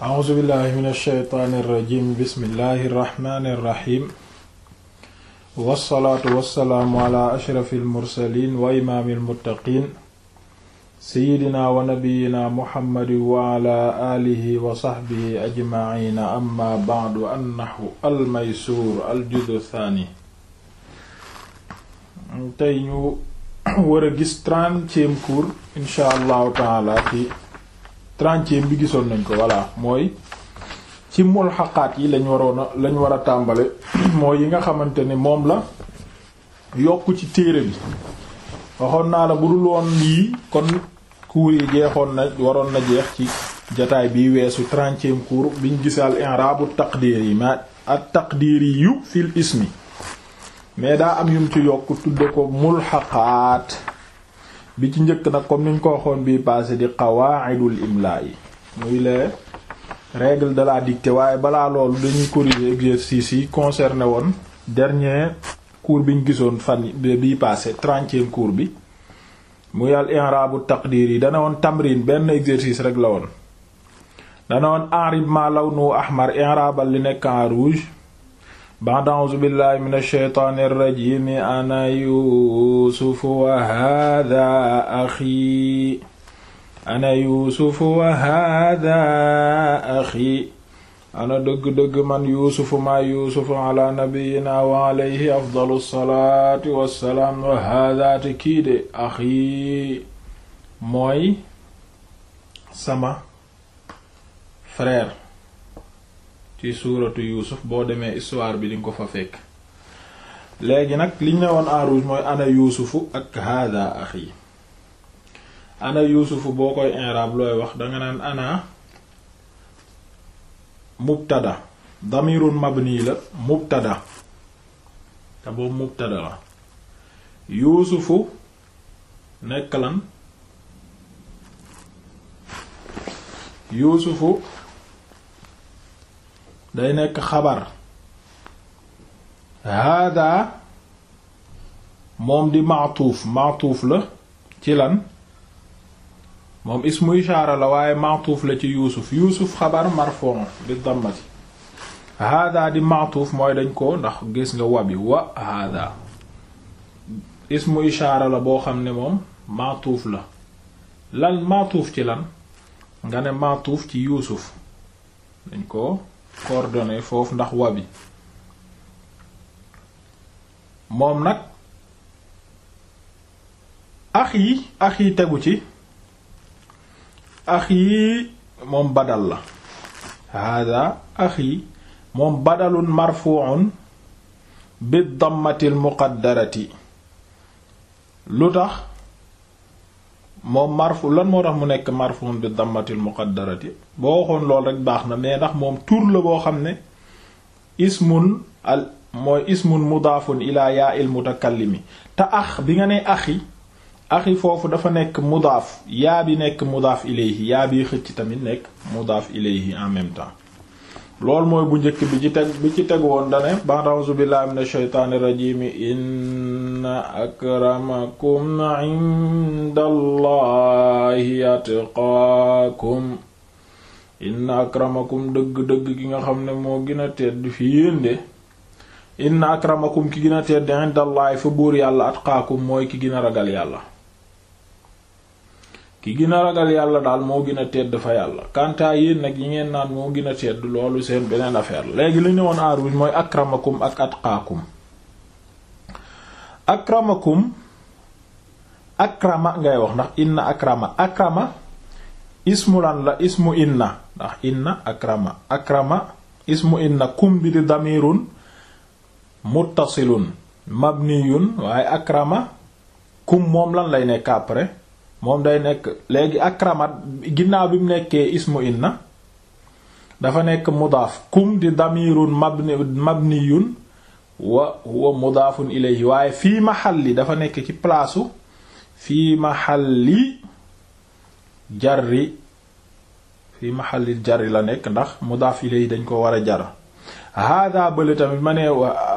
a'uuzu billahi min alsheytaani irrajim bismillahi irrahmani irrahim wassalaatu wassalaamu ala ashrafi almursalin wa imaami almuttaqin seyidina wa nabiyina muhammadin wa ala alihi wa saxbihi ajmaciina amma bacdu annaxu almaysuur aljuzu thaani tey ñu war a gis trentième cours incha allahu taala ci trentième bi gisoon nañ ko voilà mooy ci xaqaat yi lañ waroon a lañ war a tàmbale mooy yi nga xamante ni moom la yokk ci téere bi waxoon naa la bu dul woon yii kon cours yi jeexoon na waroon na jeex ci jataay bi weesu trentième cours biñ gisaal i'rabu taqdir yi ma at taqdir yi yu fil ismi mais daa am yum ci yokk tudde ko mulhaqaat bi ci njëkk nag comme niñ ko waxoon bii passé di qawaidul imla yi muy les règles de la dictée waaye balaa loolu dañuy corriger exercice yi concerné woon dernier cours bi gisoon fan bii passé trentième cours bi muy al i'rabu taqdir yi dana woon tamrin benn exercice rek la woon dana woon i'rab ma lawnu ahmar i'rabal li nekk en rouge ba'da a'uuzu billaahi mina shaytaani rajiim ana yuusufu wa haadaa axii ana yuusufu wa haadaa ana dëgg man yuusufu maa yuusufu ala nabiyyinaa wa alayhi afdalu salaati wa salaam wa haadaa te kii sama frère ci suuratu yuusuf boo demee histoire bi dinga ko fa fekk léegi nag liñ ne woon en rouge mooy ana yuusufu ak hada axi ana yuusufu boo koy i'rab looy wax danga naan ana mubtada damirun mabni la mubtada te boobu mubtada la yuusufu nekk lan yuusufu day nekk xabar hada moom di maatuuf maatuuf la ci lan moom ismu ishaara la waaye maatuuf la ci yuusuf yuusuf xabar marfon bi dammati hada di maatuuf mooy dañ ko ndax gis nga wabi wa hada ismu ishaara la boo xam ne moom maatuuf la lan maatuuf ci lan nga ne maatuuf ci yuusuf dañ ko coordonnées foofu ndax wa bi moom nag ax yi tegu ci ax yi moom badal la hada ax yi moom badalun marfu'un bi dammatil muqaddarati lu tax moom marfu lan moo tax mu nekk marfuun bi dammatil muqaddarati boo waxoon loolu rek baax na mais ndax moom tur la boo xam ne ismun al mooy ismun mudaafun ilaa yaa il mutakallimi te ax bi nga ne axi axi foofu dafa nekk mudaaf yaa bi nekk mudaaf ilayhi yaa bi xëcc tamit nekk mudaaf ilayhi en même temps loolu mooy bu njëkk bi ci teg bi ci teg woon dane ba a'uuzu billahi minash shaytaanir rajiim inna akramakum 'indallahi atqaakum inna akramakum dëgg-dëgg ki nga xam ne moo gën a tedd fi yéende inna akramakum ki gën a tedd 'indallahi fa buur yàlla atqaakum mooy ki gën a ragal yàlla ki gina ragal yàlla daal moo gina a tedd fa yàlla kantaa yéen nag yi ngeen naan moo gina a tedd loolu seen beneen affaire la léegi li ne woon aar bi mooy akramakum ak atqaakum akramakum akrama ngay wax ndax inna akrama akrama ismu la ismu inna ndax inna akrama akrama ismu inna kum bi di damirun muttasilun mabniyun waaye akrama kum moom lan lay nekk après moom day nekk léegi akramat ginnaaw bi mu nekkee ismu inna dafa nekk mudaaf kum di damirun mabni mabniyun wa huwa mudaafun ilayhi waaye fii maxalli dafa nekk ci palaasu fii mahalli jarri fii mahalli jarri la nekk ndax mudaaf ilayhi dañ ko war a jara hada bële tamit ma ne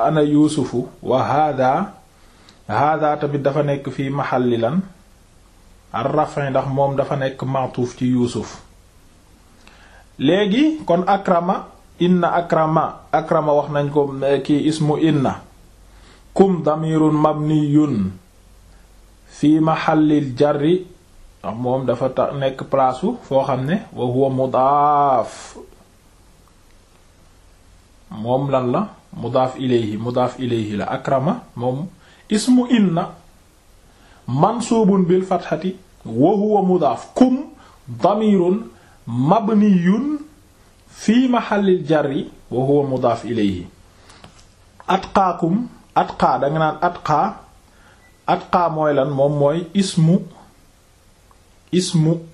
ana yuusufu wa hada hada tamit dafa nekk fii maxalli lan ar-raf'i ndax moom dafa nekk ma'tuuf ci yuusuf léegi kon akrama inna akrama akrama wax nañ ko eh, kii ismu inna kum damirun mabniyun fi mahallil jarri ndax moom dafa ta nekk place foo xam ne wa huwa mudaaf moom lan la mudaaf ilayhi mudaaf ilayhi la akrama moom ismu inna mansuubun bil fathati wa huwa mudaaf kum damirun mabniyun fi mahallil jarri wa huwa mudaaf ilayhi atqaakum atqaa danga naan atqaa atqaa mooy lan moom mooy ismu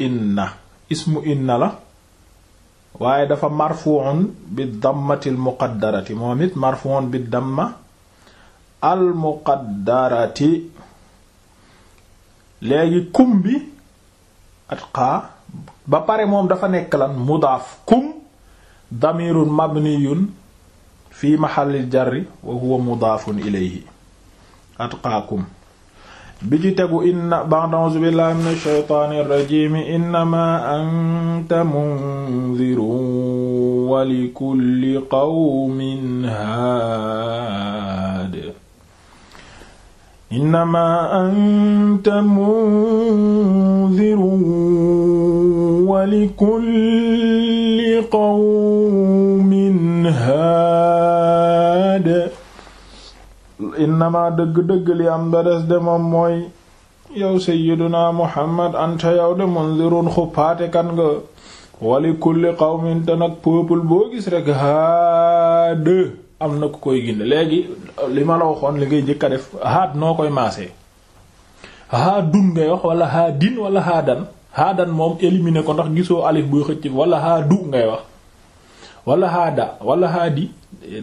inna ismu inna la waaye dafa marfuun bi dammatil muqaddarati moom it marfuun bi damma al léegi kum bi at xaa ba pare moom dafa nekk lan mudaaf kum damirun mabniyun fi mahallil jarri wa huwa mudaafun ilayhi atqaakum bi ci tegu inna ba'da a'uuzu billaahi minash shaytaanir rajiim innamaa anta munzirun wa likulli qawmin haad innama anta mundiru wa likulli qawmin haad innama dëgg-dëgg li am da de moom mooy yow sayyiduna Muhammad anta de mundirun xuppaate kan nga wa likulli qawmin te nag peuple boo rek haad am na ku koy ginde léegi li ma la waxoon li ngay jëkk a def haat noo koy maasee haadun ngay wax wala haadin wala haadan haadan moom éliminer ko ndax gisoo alif buy xëcc wala haadu ngay wax walla haada walla haadi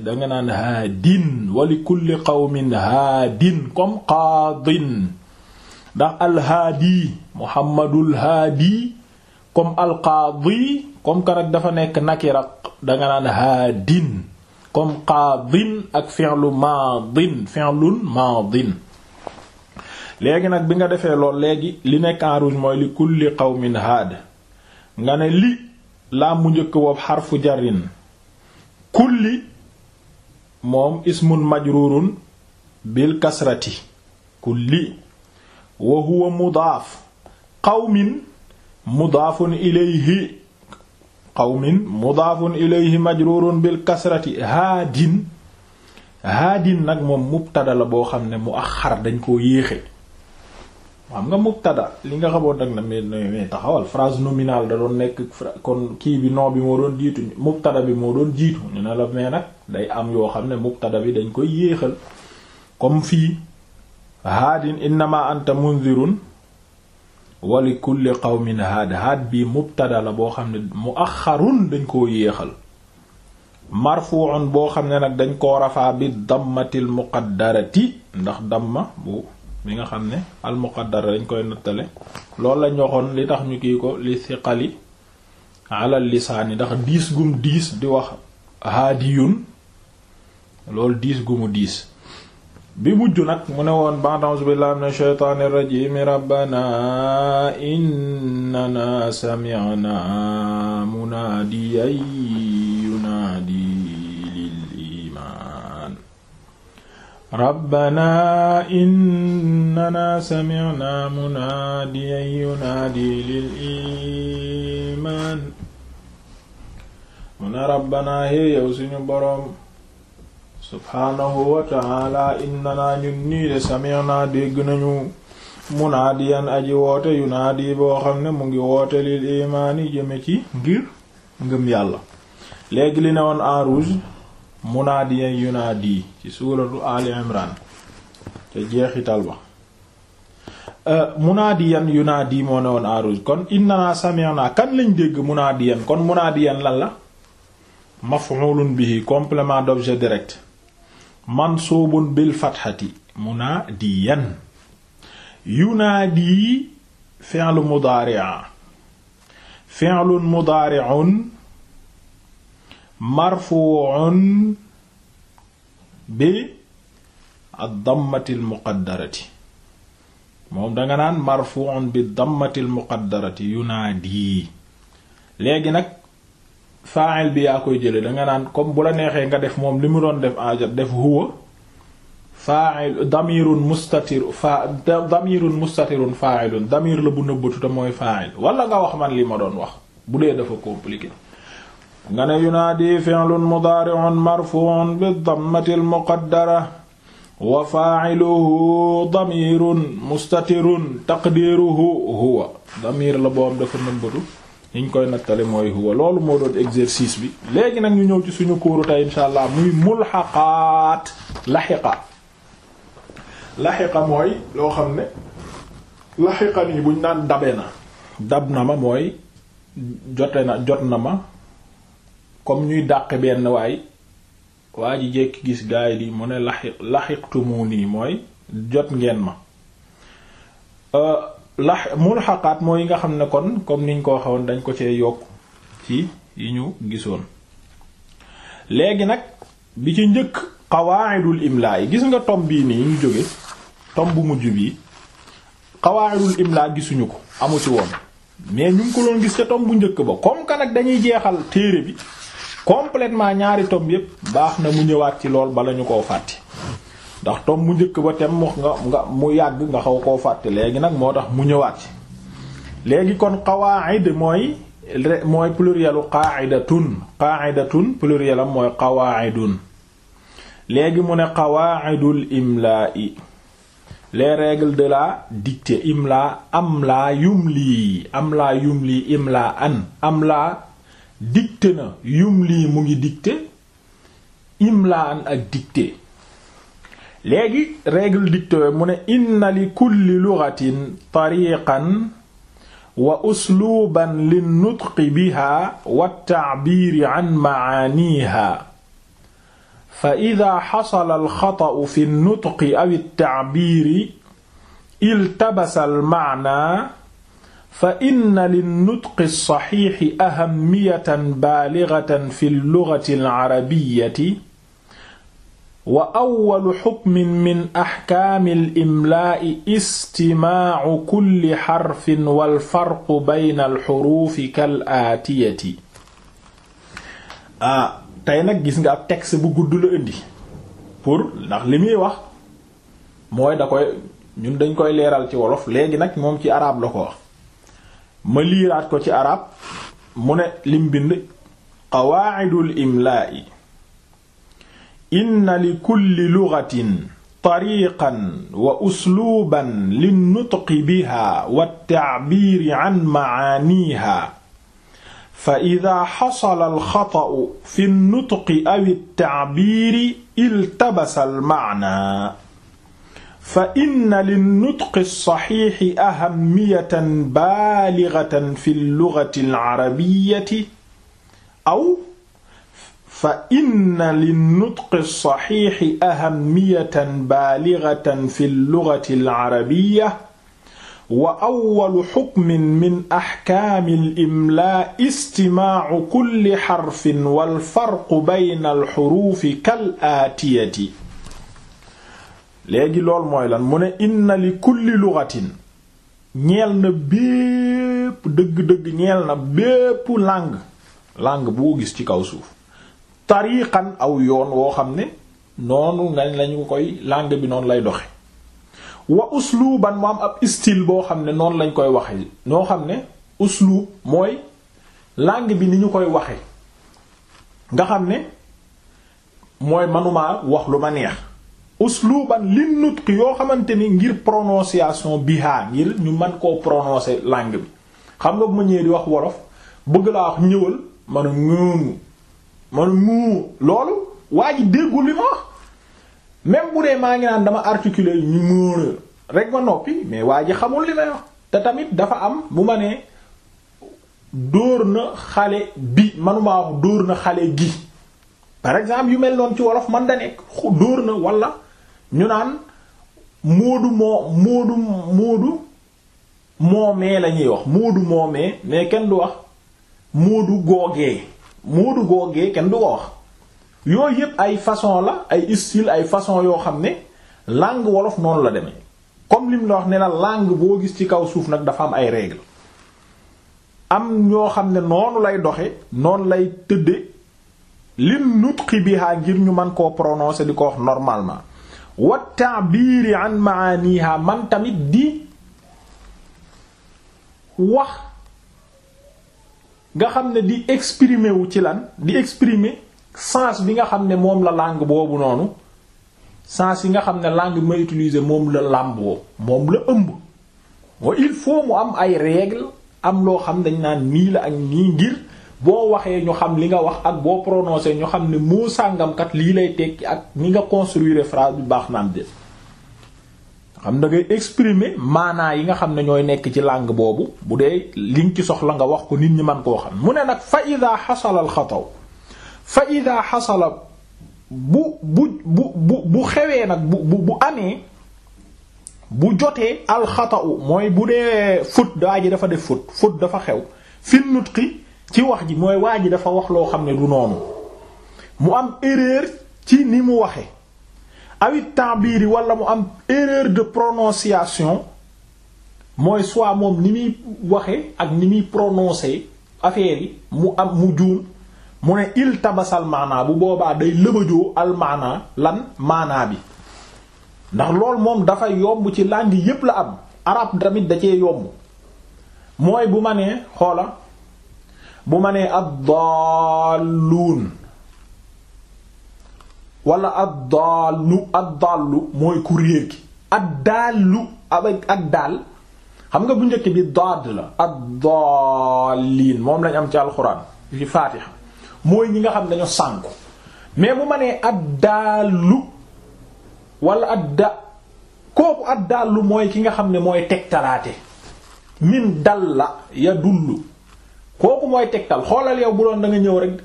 danga naan haadin wali kulli qawmin haadin comme qaadin ndax alhaadi muhammadul haadi comme alqaadi comme kan ak dafa nekk nakira danga naan haadin comme qaadin ak fi'lu maadin fi'lun maadin léegi nag bi nga defee lool léegi li nekk en rouge mooy li kulli qawmin haad nga ne li laa mu njëkk wob xarfu jarin kulli moom ismun majrurun bil kasrati kulli wa huwa mudaaf qawmin mudaafun ilayhi qawmin mudaafun ilayhi majruurun bil kasrati haadin haadin nag moom mubtada la boo xam ne mu muaxar dañ koo yéexe xam nga mubtada li nga xamoon nag na mais mais taxawal phrase nominale da doon nekk kon kii bi nom bi moo doon jiitu mubtada bi moo doon jiitu ñu ne la mais nag day am yoo xam ne mubtada bi dañ koy yéexal comme fii haadin innama anta munzirun wali kulli qawmin haad haad bi mubtada la boo xam ne mu muaxarun dañ koo yéexal marfu'un boo xam ne nag dañ koo rafaa bi dammatil muqaddarati ndax damma bu mi nga xam ne al muqaddara dañ koy nattale lool lañ waxoon li tax ñu kii ko li siqali ala lisaani ndax diis gum diis di wax haadiyun loolu diis gumu diis bi mujj nag mu ne woon ba'd a'uuzu billahi mina shaytaani rajiim rabbana innana sami'na munaadiyan yunaadi lil iimaan rabbana innana sami'na munaadiyan yunaadi lil iimaan mu ne rabbana hee yow suñu boroom subhaanahu wa ta'ala innanaa ñun nii de sami'naa dégg nañu munaadiyan aji woote yunaadi boo xam ne mu ngi woote lil imaani jëme ci ngir ngëm yàlla léegi li ne woon en rouge munaadiyan yunaadi ci suuratu Ali Imran te jeexital ba euh, munaadiyan yunaadi moo ne woon en rouge kon innanaa sami'naa kan lañ dégg munaadiyan kon munaadiyan lan la maf'ulun bihi complément d'objet direct mansuubun bil fatxati munaadiyan yunaadi fi'lu mudaari'a fi'lun mudaari'un marfu'un bi ad-dammati al-muqaddarati moom danga naan marfu'un bi dammati al-muqaddarati yunaadi léegi nag fa'il bi yaa koy jële nga naan comme bu la neexee nga def moom li mu doon def ajat def huwa fa'il damirun mustatir fa damirun mustatirun fa'ilun damir la bu nëbbatu te mooy fa'il wala nga wax man li ma doon wax bu dee dafa compliqué nga ne yunaadi fi'lun mudari'un marfu'un bi dammati al muqaddara wa fa'iluhu damirun mustatirun taqdiruhu huwa damir la boom dafa nëbbatu ñu koy nattale mooy huwa loolu moo doon exercice bi léegi nag ñu ñëw ci suñu kóoru tey insha allah muy mulhaqaat laxiqa laxiqa mooy loo xam ne laxiqa nii buñ naan dabe na dab na ma mooy jote na jot na ma comme ñuy dàqe benn waay waa ji jekki gis gaay di mu ne laxiq laxiqtumu nii mooy jot ngeen ma euh, la moo yi nga xam ne kon comme ñu ko waxee dañ ko cee yokk ci yi ñu gisoon léegi nag bi ci njëkk qawaa'idul imlaa gis nga tom bii nii ñu jóge tom bu mujj bii qawaa'idul imlaa gisuñu ko amu ci woon mais ñu ngi ko doon gis ca tom bu njëkk ba comme que nag dañuy jeexal téere bi complètement ñaari tom yépp baax na mu ñëwaat ci lool bala ñu ko fàtte ndax tom mu njëkk ba tem mu nga mu yàgg nga xaw koo fàtte léegi nag moo tax mu ñëwaat ci léegi kon qawaa'id mooy mooy plurielu qaa'idatun qaa'idatun plurielam mooy qawaa'idun léegi mu ne qawaa'idul imlaa'i les règles de la dictée imla am laa yumli am laa yumli imla an am laa dictée na yumli mu ngi dictée imla an ak dictée léegi règle dictée mu ne inna li kulli lughatin tariqan wa usluuban lin nutqi biha wa tacbiiri can macaaniha fa ida xasala alxata'u fi nutqi aw tacbiiri iltabasa almacnaa fa inna linnutqi saxiixi ahamiyatan baaligatan fi llugati alcarabiyati wa awwalu xukmin min axkaami al-imlaa'i istimaa'u kulli xarfin wal farqu bayna al-xuruufi ah, tey nag gis nga ab texte bu gudd la indi pour ndax li muy wax mooy da koy ñun dañ koy leeral ci wolof léegi nag moom ci arab la ko wax ma liiraat ko ci arab mu ne lim bind qawaa'idul imlaa'i inna li kulli lugatin tariqan wa usluuban linnutqi biha wa tacbiiri can macaaniiha fa ida xasala alxata'u fi nutqi aw tacbiiri iltabasa almacnaa fa inna linnutqi alsaxiixi ahamiyatan baaligatan fi llugati alcarabiyati aw fa inna linnutqi saxiixi ahamiyatan baalixatan fi lugati alcarabiya wa awwalu xukmin min axkaami limlaa istimaacu kulli xarfin walfarqu bayna alxuruufi kal aatiyati léegi lool mooy lan mu ne inna li kulli lugatin ñeel na bépp dëgg-dëgg ñeel na bépp langue langue boo gis ci kaw suuf xan aw yoon woo xam ne noonu ngañ lañu koy làng bi noonu lay doxe wa usluban mu am ab style boo xam ne noonu lañ koy waxe noo xam ne uslub mooy langue bi ni koy waxe nga xam ne mooy manumaa wax lu ma neex usluban lin nutq yoo xamante ni ngir prononciation biha ngir ñu man koo prononcer langue bi xam nga bu ma ñëwee di wax wolof bëgg laa ñëwal manu ñoonu man mu loolu waa ji déggul li ma wax même bu dee maa ngi naan dama articuler ñu mën rek ma noppi mais waa ji xamul li may wax te tamit dafa am bu ma nee dóor na xale bi manumaa wax dóor na xale gi par exemple yu mel noonu ci wolof man da nekk dóor na wala ñu naan moodu moo moodu moodu moomee la ñuy wax moodu moomee mais kenn du wax moodu googee moodu googee kenn du ko wax yooyu yépp ay façon la ay style ay façon yoo xam ne langue wolof noonu la demee comme lim la wax ne la làng boo gis ci kaw suuf nag dafa am ay règles am ñoo xam ne noonu lay doxe noonu lay tëdde lim nutqi biha ngir ñu mën koo prononcer di ko wax normalement wa ta'biri an maaniha man tamit di wax nga xam ne di exprimer wu ci lan di exprimer sens bi nga xam ne moom la langue boobu noonu sens yi nga xam ne langue bi may utiliser moom la làmboo moom la ëmb mooy il faut mu am ay règles am loo xam dañ naan nii la ak nii ngir boo waxee ñu xam li nga wax ak boo prononcer ñu xam ne moo sàngamkat lii lay tekki ak ni nga construire phrase bi baax naam def xam da ngay exprimer maana yi nga xam ne ñooy nekk ci langue boobu bu dee li ci soxla nga wax ko nit ñi man koo xam mu ne nag fa ida xasala al fa ida xasala bu bu bu bu xewee nag bu bu amee bu jotee al mooy bu dee fut waa ji dafa def fut fut dafa xew fi nutqi ci wax ji mooy waa ji dafa wax loo xam ne du noonu mu am erreur ci ni mu waxe awit ta'biri wala mu am erreur de prononciation mooy soit moom ni muy waxee ak ni muy prononcer affaire mu am mu juum mu ne il tabasal maanaa bu boobaa day lëbëjoo al maanaa lan maanaa bi ndax loolu moom dafa yomb ci langue yépp la am arab damit da cee yomb mooy bu ma nee xoola bu ma nee ad-dallun wala ad-dallu ad-dallu mooy ku réer gi ad-dallu avec ak daal xam nga bu njëkk bi daad la ad-dallin moom lañ am ci alxuraan ci mooy ñi nga xam dañoo sànku mais bu ma nee ad wala adda kooku ad-dallu mooy ki nga xam ne mooy tegtalaate min dalla yadullu kooku mooy tegtal xoolal yow bu doon da ñëw rek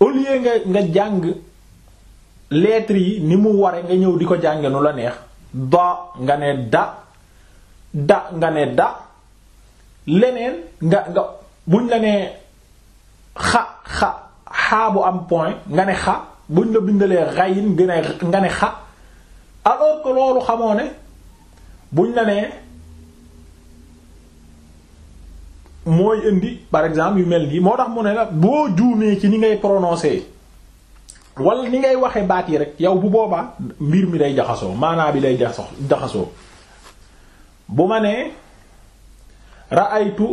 au lieu nga nga jàng leetre yi ni mu ware nga ñëw di ko jànge nu la neex da nga ne da da nga ne da leneen nga nga buñ la nee xa xa xaa am point nga ne xa buñ la bindalee xayin nga ne xa alors que loolu xamoo ne buñ la nee mooy indi par exemple yu mel nii moo tax mu ne la boo juumee ci ni ngay prononcer wala ni ngay waxe baat yi rek yow bu boobaa mbir mi day jaxasoo maanaa bi day jaxasoo jaxasoo bu ma nee ra'aytu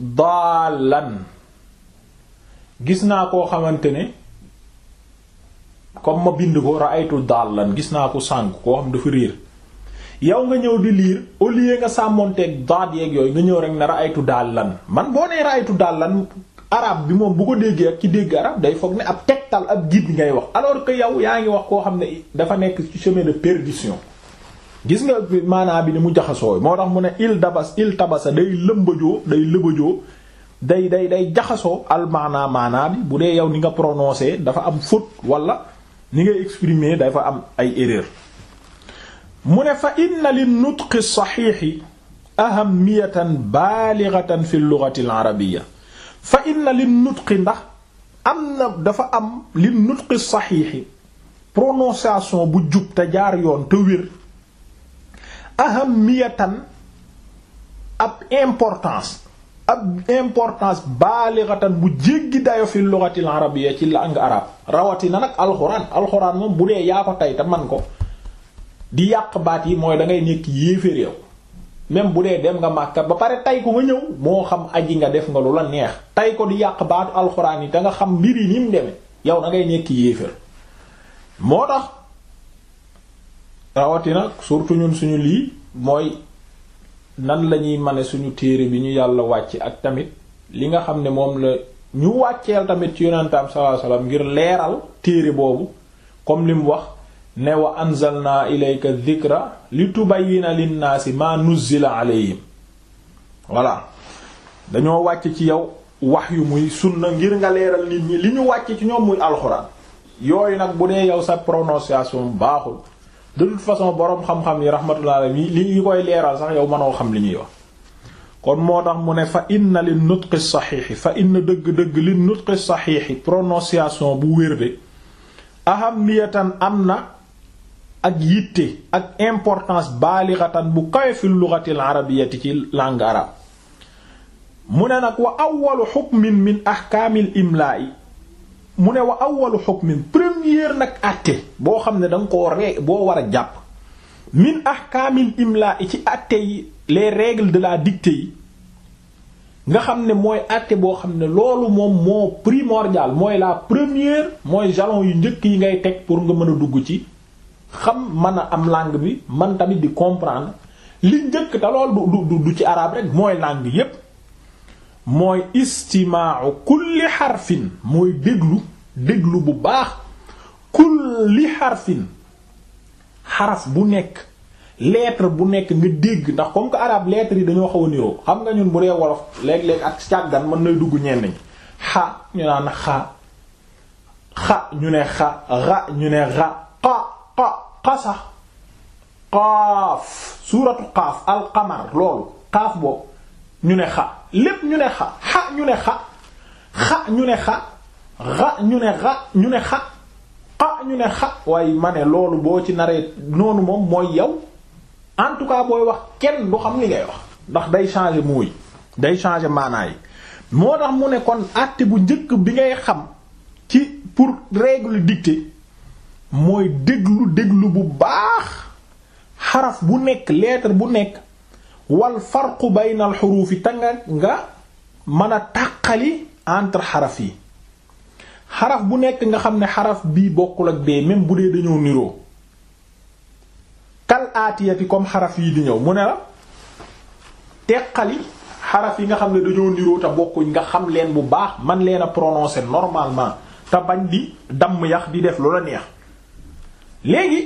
daalan gis naa koo xamante ne comme ma bind ko ra'aytu daalan gis naa ko sànk koo xam dafa riir yow nga ñëw di liir au lieu nga sàmmoonteeg daat yeeg yooyu nga ñëw rek ne ra'aytu daalan man boo nee ra'aytu daalan arab bi moom bu ko déggee ak ci dégg arab day foog ni ab tegtal ab guide ngay wax alors que yow yaa ngi wax koo xam ne dafa nekk ci chemin de perdition gis nga maanaa bi ni mu jaxasoo moo tax mu ne il dabas il tabasa day lëmbajoo day lëbajoo day day day jaxasoo al maanaa maanaa bi bu dee yow ni nga prononcé dafa am faute wala ni ngay exprimer dafa am ay erreur mu ne fa inna li nutqi saxiixi ahamiyatan baalixatan fi lughati al arabiyya fa inna li nutqi ndax am na dafa am li nutqi saxiixi prononciation bu jub te jaar yoon te wér ahamiyatan ab importance ab importance baalixatan bu jéggi dayofi fi lughati al ci langue arabe rawatina nag alxuraan alxuraan moom bu dee yaa ko tey te man ko di yàq baat yi mooy da ngay nekk yéeféer yow même bu dee dem nga Makka ba pare tay ko nga ñëw moo xam aji nga def nga lu la neex tay ko di yàq baatu alxuraan yi da nga xam mbir yi ni mu yow da ngay nekk yéefér moo tax rawatina surtout ñun suñu lii mooy nan lañuy mane suñu téere bi ñu yàlla wàcc ak tamit li nga xam ne moom la ñu wàcceel tamit ci yonentam sallallahu ngir leeral téere boobu comme li wax newa ne wa anzalna ilayka dhikra litubayyina linnaasi ma nuzzila alayhim voilà dañoo wàcc ci yow wax yu muy sunna ngir nga leeral nit ñi li ñu wàcc ci ñoom muy alxuraan yooyu nag bu dee yow sa prononciation baaxul de façon boroom xam-xam yi rahmatullah alayhi li ñu koy leeral sax yow mënoo xam li ñuy wax kon moo tax mu ne fa inna li nutqi saxiixi fa inna dëgg-dëgg li nutqi saxiixi prononciation bu wér de ahamniyatan am na ak yitte ak importance baalixatan bu kawe fi lugatil ci langue arabe mu ne nag wa awwalu xukmin min ahkaamil imlaa'i mu ne wa awwalu xukmin première nag àtte boo xam ne da nga ree boo war a jàpp min ahkaamil imlaa'i ci àtte yi les règles de la dictée yi nga xam ne mooy àtte boo xam ne loolu moom moo primordial mooy la première mooy jalon yu njëkk yi ngay teg pour nga mën a dugg ci xam mën a am langue bi man tamit di comprendre li njëkk te lool du du ci arabe rek mooy làng yépp mooy istimaau kulli xarfin mooy déglu déglu bu baax kulli xarfin xaraf bu nekk lettre bu nekk nga dégg ndax comme que arabe lettre yi dañoo xaw a niroo xam nga ñun bu dee wolof léeg-léeg ak càggan mën na dugg ñenn ñi xa ñu naan xa xa ñu ne xa ra ñu ne ra xa qa qasa qaaf suuratu qaaf alqamar loolu qaaf boobu ñu ne xa lépp ñu ne xa xa ñu ne xa xa ñu ne xa ñu ne xa ñu ne xa ñu ne xa waaye ma ne loolu boo ci naree noonu moom mooy yow en tout cas booy wax kenn du xam li ngay wax ndax day changer mooy day changer maanaa yi moo tax mu ne kon àtte bu njëkk bi ngay xam ci pour règle dictée mooy déglu déglu bu baax xaraf bu nekk lettre bu nekk wal farqu bayna al xuruufi te nga mën a tàqali entre xaraf yi xaraf bu nekk nga xam ne xaraf bii bokkul ak bee même bu dee dañoo niroo kal aatiyati comme xaraf yi di ñëw mu ne la teqali xaraf yi nga xam ne dañoo niroo te bokkuñ nga xam leen bu baax man leen a prononcer normalement te bañ di damm yax di def loola neex léegi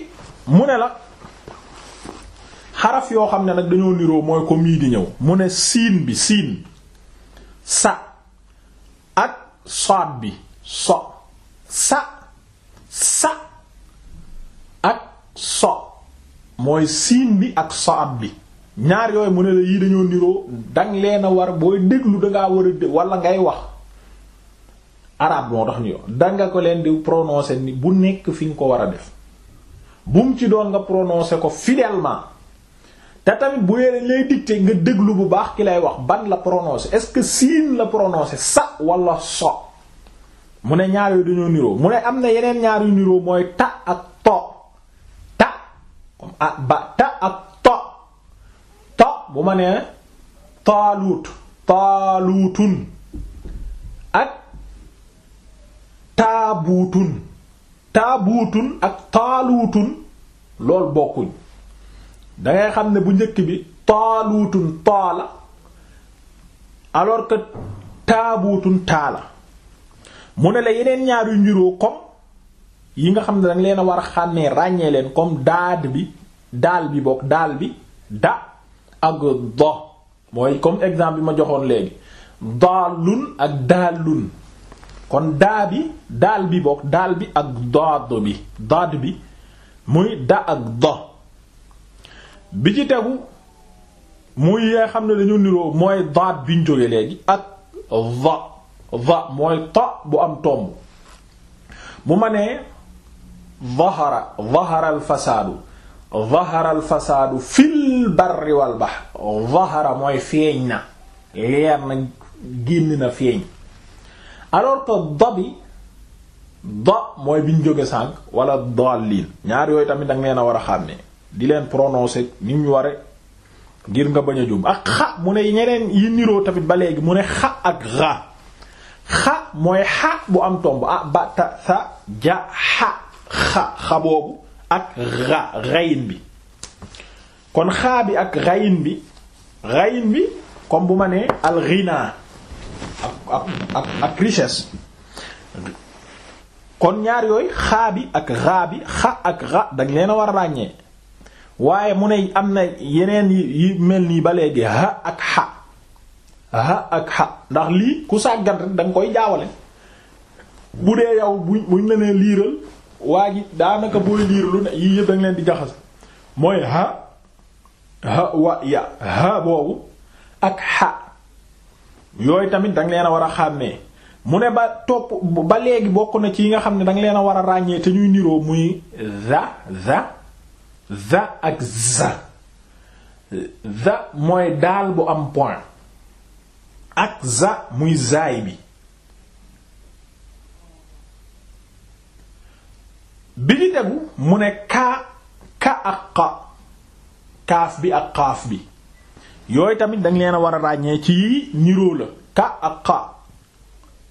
mu ne la xaraf yoo xam ne nag dañoo niroo mooy comme yii di ñëw mu ne siin bi siin sa ak saad bi so sa sa ak so mooy siin bi ak saad bi ñaar yooyu mu ne la yii dañoo niroo dang leen war booy déglu dangaa war a wala ngay wax arabe moo tax ni yo danga ko leen di prononcer ni bu nekk fi nga ko war a def bu mu ci doon nga prononcer ko fidèlement te tamit bu yéene lay dicter nga déglu bu baax ki lay wax ban la prononcer est-ce que siin la prononcer sa wala so mu ne ñaar yooyu dañoo niroo mu ne am na yeneen ñaar yu niroo mooy ta ak to ta ba ta ak to to bu ma nee taaluut taaluutun ak taabuutun taabuutun ak taaluutun loolu bokkuñ dangay xam ne bu njëkk bi taaluutun taala alors que taabuutun taala mu ne la yeneen ñaar yu njuroo comme yi nga xam ne danga leen a war a xàmmee ràññee leen comme daad bi daal bi bokk daal bi da ak do mooy comme exemple bi ma joxoon léegi daalun ak daalun kon daa bi daal bi bokk daal bi ak daad bi daad bi muy da ak do bi ci tegu muy yee xam ne dañu niroo mooy daad biñ jóge léegi ak va va mooy ta bu am tomb bu ma nee zahara zahara al fasaadu zahara al fasaadu fil barri wal bahr zahara mooy feeñ na leer na génn na feeñ alors que bi da mooy biñ jóge sànq wala dallin ñaar yooyu tamit danga leen a war a xàmmee di leen prononcer ni ñu ware ngir nga bañ a jum ak xa mu yi niroo tamit ba léegi mu ne xa ra xa mooy xa bu am tomb a ah, ba sa ja xa xa xa boobu ak ra rayin bi kon xaa bi ak rayin bi rayin bi comme bu ma nee al ab ab ak richesse kon ñaar yooyu xaa bi ak raa bi xa ak ra dañ leen a war a ràññee waaye mu ne am na yeneen yi mel nii ba léegi ha ak xa ha ak xa ndax lii ku sàggan rek koy jaawale bu dee yow buñ buñ la nee liiral waa ji daanaka booy liir lu ne yii yëpp da leen di jaxas mooy ha ha wa ya ha boobu ak xa yooyu tamit danga leen a war a xàmmee mu ne ba topp ba léegi bokk na ci yi nga xam ne danga leen a war a ràññee te ñuy niroo muy za za za ak za za mooy daal bu am point ak bi bi di xa kaaf bi ak xaaf bi yooyu tamit danga leen a war a ràññee ci niroo la ka ak xa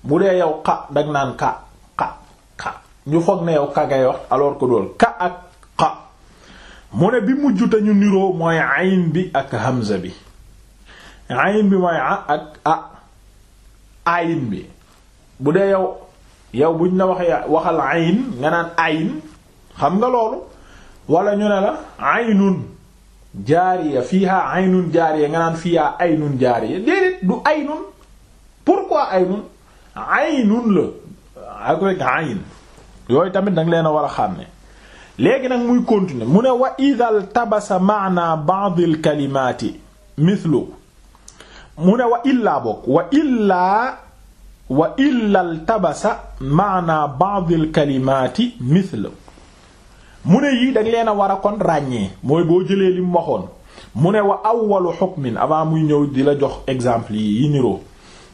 bu dee yow xa danga naan ka xa xa ñu foog ne yow ka ngay ak xa mu ne bi mujj ñu niroo mooy ayn bi ak hamza bi ayn bi mooy a ak a bi bu dee yow yow buñ la waxee waxal ayn nga naan ayn xam nga loolu wala ñu ne la aynun jaariya fiiha aynun jaariya nga naan fiiha aynun jaariya déedéet du aynun pourquoi aynun aynun la ak rek ayn yooyu tamit danga leen a war a xàmme léegi nag muy continue mu ne wa idal tabasa maana baadil kalimaati mithlu mu wa illaa wa illaa wa tabasa maana baadil kalimaati mithlu mu ne yii da nga leen a war a kon ràññee mooy boo jëlee li waxoon mu ne wa awwalu hukmin avant muy ñëw di la jox exemple yi yi niroo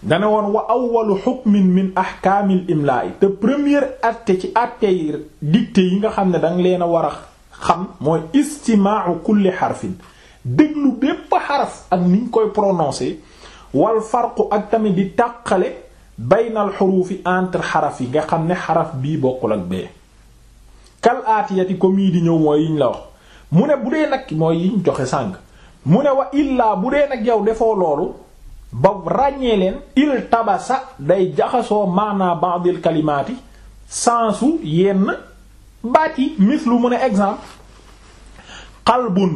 dane woon wa awwalu hukmin min ahkaamil imlaay te première atte ci atte yi dictée yi nga xam ne da leen a war a xam mooy istimaau kulli xarfin déglu bépp xaraf ak ni koy prononcer wal farqu ak tamit di tàqale baynal xuruufi entre xaraf yi nga xam ne xaraf bii bokkul ak bee kal aatiyati comme yi di ñëw mooy yiñ la wax mu ne bu dee nag mooy yiñ joxe sànq mu ne wa illaa bu dee nag yow defoo loolu ba ràññee leen il tabasa day jaxasoo maanaa ba'dil kalimaati sansu yenn baat yi mislu mu ne exemple qalbun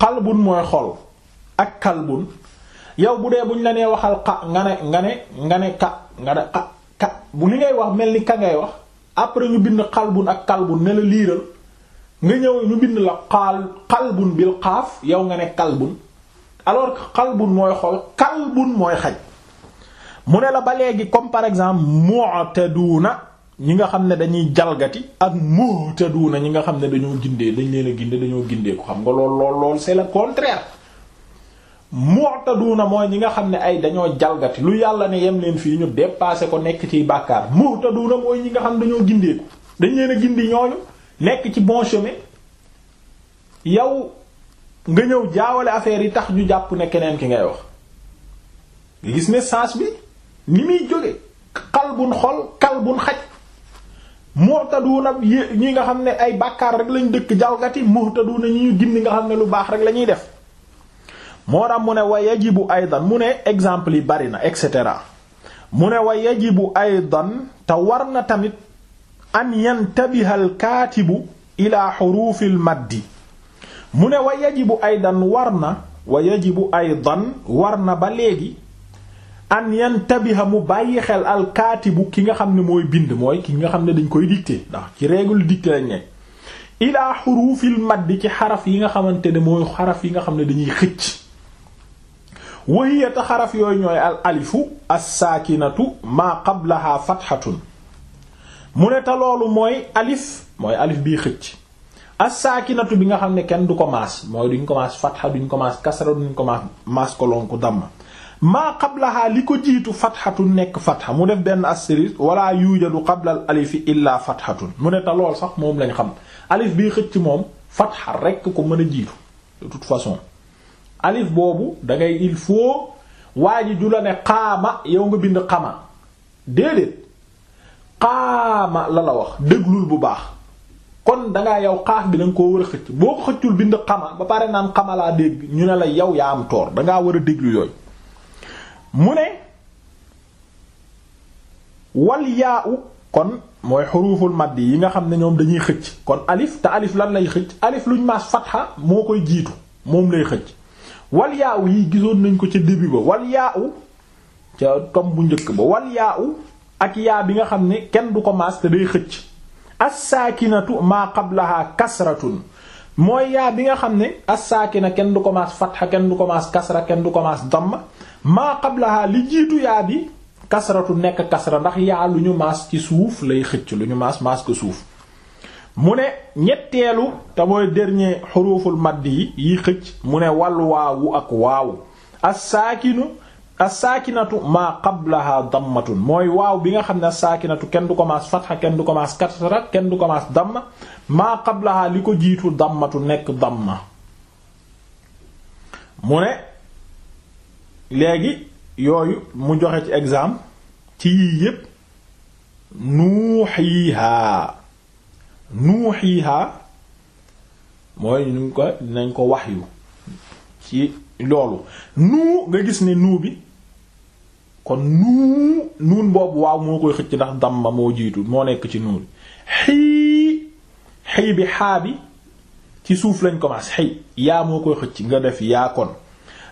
qalbun mooy xol ak kalbun yow bu dee buñ la nee waxal xa nga ne nga ne nga ne ka nga ne ka bu li ngay wax mel ni ka ngay wax après ñu bind xalbun ak kalbun ne la liiral nga ñëw ñu bind la xaal xalbun bil xaaf yow nga ne kalbun alors que xalbun mooy xol kalbun mooy xaj mu ne la ba léegi comme par exemple mu'taduna ñi nga xam ne dañuy jalgati ak muur muhtaduna ñi nga xam ne dañoo gindee dañ leen a ginde dañoo gindee ko xam nga lool lool lool c'est le contraire mu'taduuna mooy ñi nga xam ne ay dañoo jalgati lu yàlla ne yem leen fii ñu dépassé ko nekk ci bàkkaar mu'taduuna mooy ñi nga xam ne dañoo gindeeku dañ leen a gindi ñooñu nekk ci bon chemin yow nga ñëw jaawale affaire yi tax ñu jàpp ne keneen ki ngay wax gis ne bi ni muy jóge xalbun xol kalbun xaj mu'taduuna ñi nga xam ne ay bàkkaar rek lañ dëkk jalgati mu'taduuna ñi ñu gindi nga xam ne lu baax rek lañuy def moo tax mu ne wa yajibu aydan mu ne exemple yi bari na et cetera mu ne wa yajibu aydan te war na tamit an yantabiha al kaatibu ila xuruufil maddi mu ne wa yajibu aydan war na wa yajibu aydan war na ba léegi an yantabiha mu bàyyi xel al kaatibu ki nga xam ne mooy bind mooy ki nga xam ne dañ koy dicté ndax ci règle dicté lañ nekk ilaa xuruufil maddi ci xaraf yi nga xamante ne mooy xaraf yi nga xam ne dañuy xëcc wahiya ta xaraf yooyu ñooy al alifu assaakinatu maa qablaha mu ne te loolu mooy alif mooy alif bii xëcc assaakinatu bi nga xam ne kenn du ko maas mooy duñ ko maas fatha duñ ko maas kasra duñ ko maas maas ko lonku damma maa qablaha li ko jiitu fathatun nekk fatha mu def benn astérisque wala yujadu qabla al alifi illa fathatun mu ne te lool sax moom lañ xam alif bii xëcc moom fatha rekk ko mën a jiitu de toute façon alif boobu dangay ngay il faut waa ji ju ne xaama yow nga bind xama déedéet xaama la wax dëgg déglul bu baax kon danga yow xaaf bi da ko koo war a xëcc boo ko xëccul bind xama ba pare naan xama laa dégg ñu ne la yow yaa am toor dangaa war a déglu yooyu mu ne wal yaa kon mooy xuruful màdd yi nga xam ne ñoom dañuy xëcc kon alif te alif lan lay xëcc alif luñ maas fatxa moo koy jiitu moom lay xëcc wal yi gisoon nañ ko ca début ba wal ca tom bu njëkk ba wal ak yaa bi nga xam ne kenn du ko maas te day xëcc as-saakinatu maa qablaha kasratun mooy yaa bi nga xam ne as-saakina kenn du ko maas fatha kenn du ko maas kasra kenn du ko maas damma maa qablaha li jiitu yaa bi kasratu nekk kasra ndax yaa lu ñu maas ci suuf lay xëcc lu ñu maas maas ko suuf mu ne ñetteelu te mooy dernier xuruful madd yi yi xëcc mu ne wal waaw ak waawu assaakinu assaakinatu maa qablaha dammatun mooy waaw bi nga xam ne assaakinatu kenn du ko maas fatxa kenn du ko maas kasra kenn du ko maas damma maa qablaha li ko jiitu dammatu nekk damma mu ne léegi yooyu mu joxe ci exemple ci yii yépp nuuxiihaa nuuxiihaa mooy ñu ko dinañ ko waxyu ci loolu nuu nga gis ne nuu bi kon nuu nuun boobu waaw moo koy xëcc ndax damma moo jiitu moo nekk ci nuun xii xii bi xaa bi ci suuf lañ commencé xëy yaa moo koy xëcc nga def yaa kon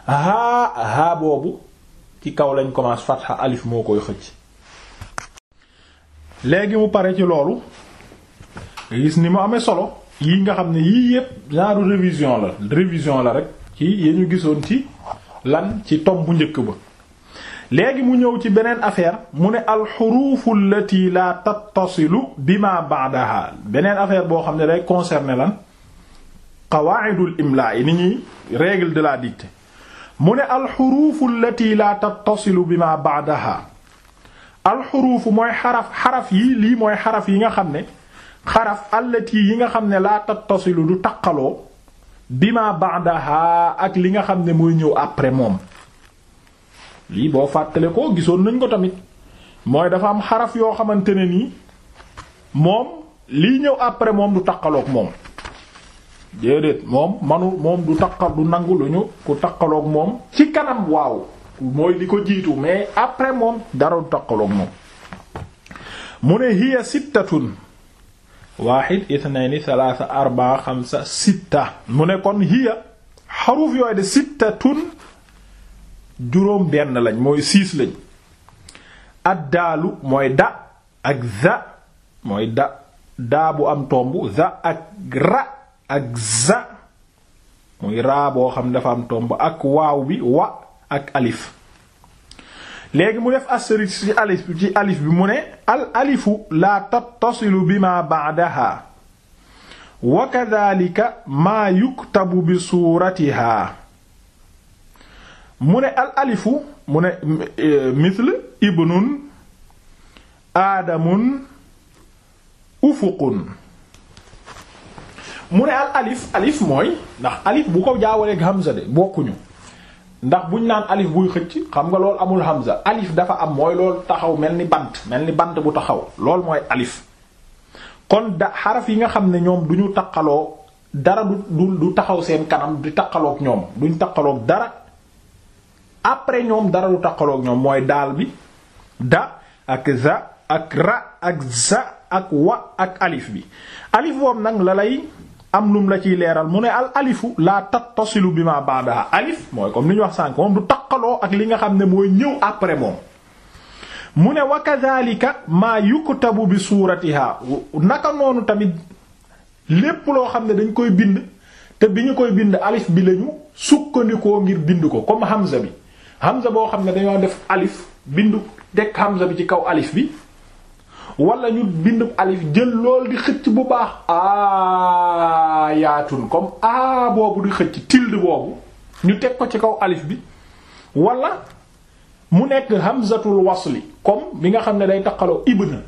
haa haa boobu ci kaw lañ commencé fatxa alif moo koy xëcc léegi mu pare ci loolu gis ni mu amee solo yii nga xam ne yii yépp genre révision la révision la rek ci ñu gisoon ci lan ci tom bu njëkk ba léegi mu ñëw ci beneen affaire mu ne alxurufu allati la tattasilu bima ba'daha beneen affaire boo xam ne day concerner lan qawaidul imla yi ni ñuy règle de la dictée mu ne alxurufu allati laa tattasilu bima ba'daha alxurufu mooy xaraf xaraf yi lii mooy xaraf yi nga xam ne xaraf allati yi nga xam ne laa tattasilu du taqaloo bima ba'daha ak li nga xam ne mooy ñëw après moom lii boo fàttale ko gisoon nañ ko tamit mooy dafa am xaraf yoo xamante ne nii moom lii ñëw après moom du taqaloog moom déedéet moom manu moom du taqal du nangu lu ñu ku taqaloog moom ci kanam waaw mooy di ko jiitu mais après moom dara du taqaloog moom mu ne hiya sittatun waaxid itnaini thalatha arbaa xamsa sitta mu ne kon hiya xaruuf yooyu de sittatun juróom benn lañ mooy siis lañ addaalu mooy da ak za mooy da daa am tomb za ak ra ak za muy raa boo xam dafa am tomb ak waaw bi wa ak alif léegi mu def astérisque ci alif ci alif bi mu ne al alifu laa tattasilu bi ma ba'daha wa kadhalika bi suuratiha mu ne al alifu mu ne e, mithl alif alif mooy ndax alif bu ko jaawalee ak hamza de bokkuñu ndax buñ naan alif buy xëcc xam nga loolu amul hamza alif dafa am mooy loolu taxaw mel ni bant mel ni bant bu taxaw loolu mooy alif kon da xaraf yi nga xam ne ñoom du ñu taqaloo dara du du taxaw seen kanam di taqaloog ñoom duñ taqaloog dara après ñoom dara du taqaloog ñoom mooy daal bi da ak za ak ra ak za ak wa ak alif bi alif boobu nag lalay am lum la ciy leeral mu ne al alifu la tattasilu bi ma ba'daha alif mooy comme li ñu wax sànk moom du taqaloo ak li nga xam ne mooy ñëw après moom mu ne wa kadhalika maa yuktabu bi suuratiha naka noonu tamit lépp loo xam ne dañ koy bind te bi ñu koy bind alif bi lañu sukkandikoo ngir bind ko comme hamza bi hamza boo xam ne dañoo def alif bindu teg hamza bi ci kaw alif bi wala ñu bind alif jël lool di xëcc bu baax aayaatun comme a boobu di xëcc tilde boobu ñu teg ko ci kaw alif bi wala mu nekk hamzatul wasli comme bi nga xam ne day taqaloo ibna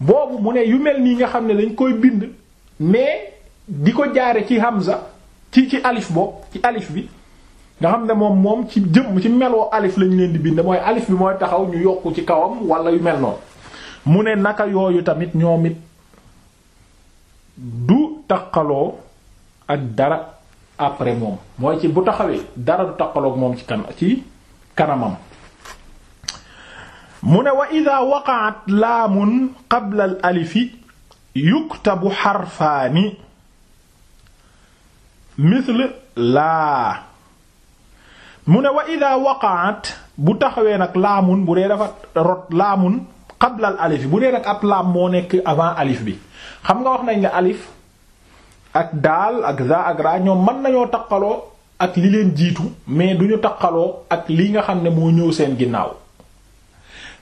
boobu mu ne yu mel nii nga xam ne dañ koy bind mais di ko jaare ci hamza ci ci alif boobu ci alif bi nga xam ne moom moom ci jëm ci meloo alif lañu leen di bind mooy alif bi mooy taxaw ñu yokk ci kawam wala yu mel noonu mu ne naka yooyu tamit ñoom it du taqaloo ak dara après moom mooy ci bu taxawee dara du taqaloo moom ci ci kanamam mu ne wa ida waqaat laamun qabla alifi yuktabu xarfaani mithl laa mu ne wa ida waqaat bu taxawee nag laamun bu dee dafa rot laamun qablal alif bu dee nag ab laam moo nekk avant alif bi xam nga wax nañ ne alif ak daal ak za ak ra ñoom mën nañoo taqaloo ak li leen jiitu mais duñu taqaloo ak li nga xam ne moo ñëw seen ginnaaw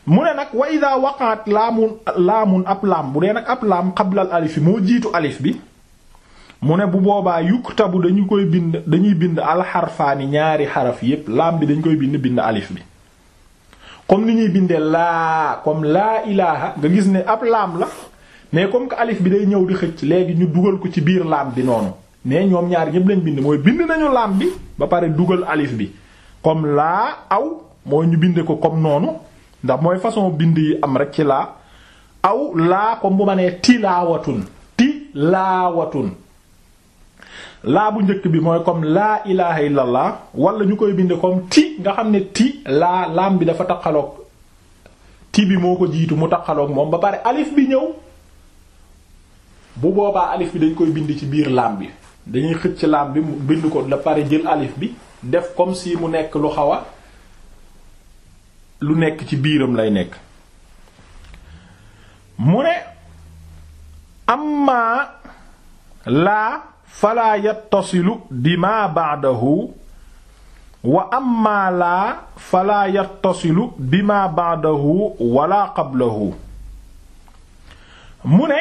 mu ne nag wa ida waqaat laamun laamun ab laam bu dee nag ab laam qablal alif bi moo jiitu alif bi mu ne bu boobaa yuktabu dañu koy bind dañuy bind alxarfaani ñaari xaraf yépp laam bi dañu koy bind bind alif bi comme ni ñuy bindee laa comme laa ilaha nga gis ne ab laam la mais comme que alif bi day ñëw di xëcc léegi ñu dugal ko ci biir laam bi noonu mais ñoom ñaar ñëpp lañ bind mooy bind nañu laam bi ba pare dugal alif bi comme laa aw mooy ñu binde ko comme noonu ndax mooy façon bind yi am rek ci laa aw laa comme bu ma nee tilaawatun tilaawatun laa bu njëkk bi mooy comme laa ilaha illallah wala ñu koy bind comme ti nga xam ne ti laa laam bi dafa taqaloog ti bi moo ko jiitu mu taqaloog moom ba pare alif bi ñëw bu boobaa alif bi dañ koy bind ci biir laam bi dañuy xëcc laam bi mu bind ko da pare jël alif bi def comme si mu nekk lu xaw a lu nekk ci biiram lay nekk mu ne amma laa falaa yattasilu bima ba'dahu wa amma laa falaa yattasilu bima ba'dahu wala qablahu mu ne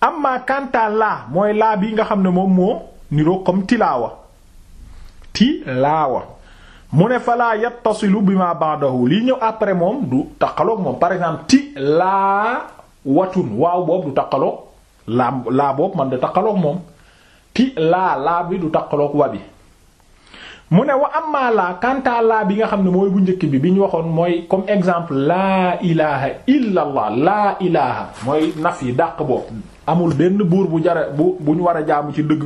amma kanta laa mooy laa bi nga xam ne moom moo niroo comme tilaawa tilaawa mu ne falaa yattasilu bima ba'dahu lii ñëw après moom du taqaloog moom par exemple ti laa watun waaw boobu du taqaloo laa laa boobu man da taqaloog moom ti laa laa bi du taqaloog wa bi mu ne wa amma laa kanta laa bi nga xam ne mooy bu njëkk bi bi ñu waxoon mooy comme exemple laa ilaha illa allah laa mooy naf yi dàq boobu amul benn buur bu jara bu bu war a jaamu ci dëgg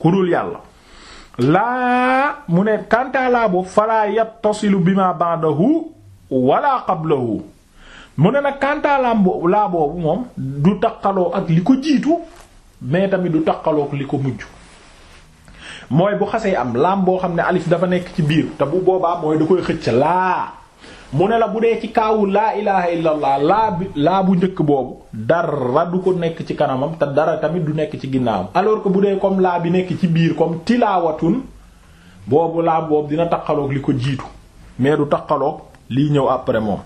ku dul yàlla laa mu ne kanta laa boobu fala yattasilu bima ba'dahu wala qablahu mu ne nag kanta laa boobu moom du taqaloo ak li ko jiitu mais tamit du taqaloog li ko mujj mooy bu xasee am laam boo xam ne alif dafa nekk ci biir te bu boobaa mooy du koy xëcc laa mu ne la bu dee ci kaawu laa ilaha illallah laa bu njëkk boobu dara du ko nekk ci kanamam te dara tamit du nekk ci ginnaawam alors que bu dee comme laa bi nekk ci biir comme tilaawatun boobu laa boobu dina taqaloog li ko jiitu mais du taqaloog lii ñëw après moom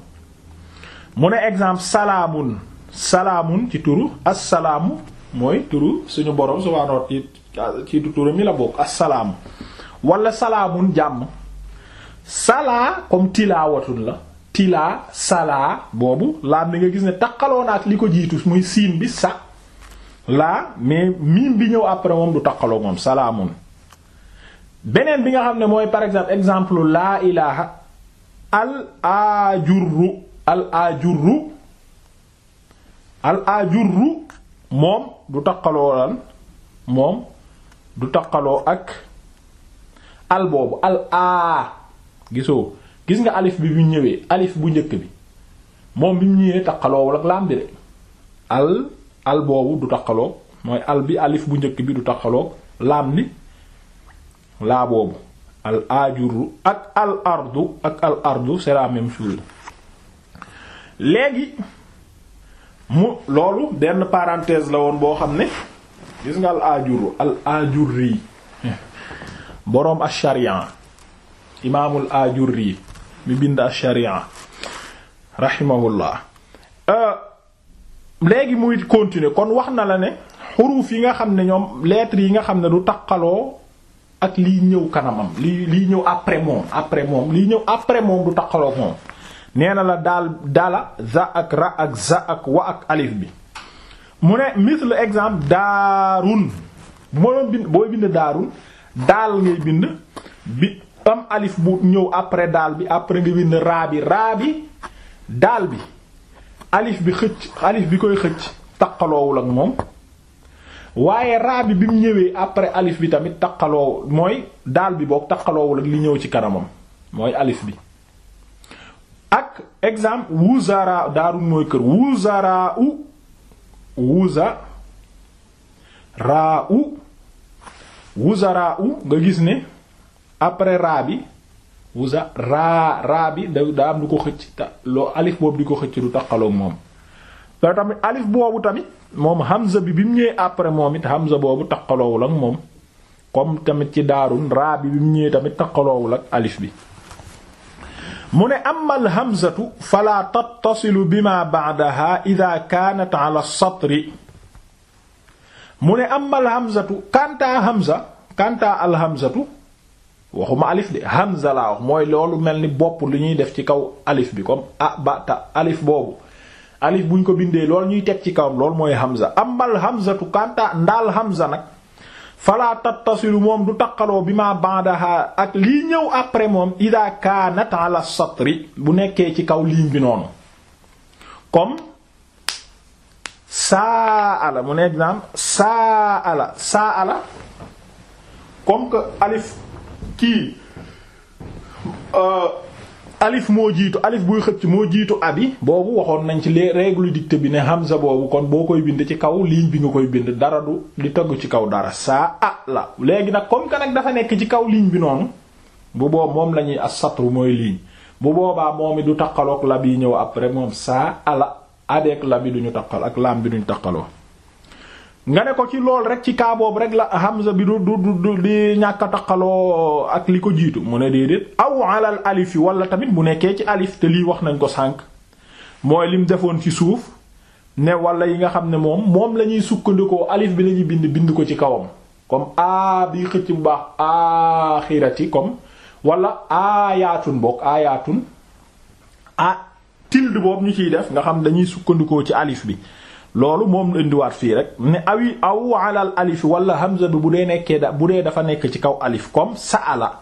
mu ne exemple salaamun salaamun ci turu assalaamu mooy turu suñu borom subhaanahu wa ta'aala ci turu mi la bokk assalaamu wala salaamun jàmm salaa comme tilaawatun la tilaa salaa boobu laam bi nga gis ne taqaloonaat li ko jiitu muy siin bi sa laa mais miim bi ñëw après moom du taqaloo moom salaamun beneen bi nga xam ne mooy par exemple exemple laa ilaha al ajurru al ajurru al ajurru moom du taqaloo lan moom du taqaloo ak al boobu al aa gisoo gis nga alif bi bu ñëwee alif bu njëkk bi moom bi mu ñëwee taqaloowul ak laam bi de al al boobu du taqaloo mooy al bi alif bu njëkk bi du taqaloo laam ni laa boobu al ajuru ak al ardu ak al ardu c'est la léegi mu loolu benn parenthèse la woon boo xam ne gis nga al ajur al ajurri boroom ash-sharia imaamul ajurri mi bind ash-sharia rahimahullah euh, léegi muy continuer kon wax na la ne xuruf yi nga xam ne ñoom lettres yi nga xam ne du taqaloo ak liy ñëw kanamam li liy ñëw après moom après moom liy ñëw après moom du taqaloo moom nee na la daal dala za ak ra ak za ak wa ak alif bi mu ne misle exemple daarun bu ma bind booy bind daal ngay bind bi am alif bu ñëw après daal bi après nga bind raa bi bi daal bi alif bi xëcc alif bi koy xëcc taqaloowul ak moom waaye raa bi bi mu ñëwee après alif bi tamit taqaloo mooy daal bi boog taqaloowul ak li ñëw ci kanamam mooy alif bi ak exemple wuzara daarun mooy kër wuzara u wuza raa u nga gis ne après raa bi wuza raa raa bi da daa am du ko xëcc ta loo alif boobu di ko xëcc du taqaloog moom da tamit alif boobu tamit moom hamza bi bi mu ñëwee après moom it hamza boobu taqaloowul ak moom comme tamit ci daarun raa bi bi mu ñëwee tamit taqaloowul ak alif bi mu ne am amma alhamzatu fala tattasilu bima ba'daha idha kanat ala satri mu ne amma alhamzatu kantaa hamza kantaa alhamzatu waxuma alif de hamza laa wax mooy loolu mel ni bopp lu ñuy def ci kaw alif bi comme a ba alif boobu alif buñ ko bindee loolu ñuy teg ci kawam loolu mooy hamza amma alhamzatu kantaa ndaal hamza nag fala tattasilu moom du taqaloo bi ma bandaha ak lii ñëw après moom ida kaanat satri bu nekkee ci kaw ligne bi noonu comme saa ala mu ne exemple saa ala saa ala alif kii euh, alif moo jiitu alif buy xëcc moo jiitu abi boobu waxoon nañ ci les règles dictée bi ne hamza boobu kon boo koy bind ci kaw ligne bi nga koy bind dara du di togg ci kaw dara saa a la léegi nag comme que nag dafa nekk ci kaw ligne bi noonu bu boobu moom la ñuy as-satru mooy ligne bu boobaa moom it du taqaloog lab yi ñëw après moom saa ala adeeg lab yi duñu taqal ak lam bi duñu taqaloo nga ne ko ci lool rek ci kaa boobu rek la hamza bi du du du di ñàkk a ak li ko jiitu mu ne déedéet aw alal alif yi wala tamit mu nekkee ci alif te lii wax nañ ko sànq mooy lim defoon ci suuf ne wala yi nga xam ne moom moom lañuy sukkandikoo alif bi lañuy bind bind ko ci kawam comme a bi xëcc bu baax axirati comme wala aayaatun boog aayaatun a tilde boobu ñu ciy def nga xam dañuy sukkandikoo ci alif bi loolu moom la indiwaat fii rek ne awi aw alal alif wala hamza bi bu dee nekkee da bu dee dafa nekk ci kaw alif comme sa'ala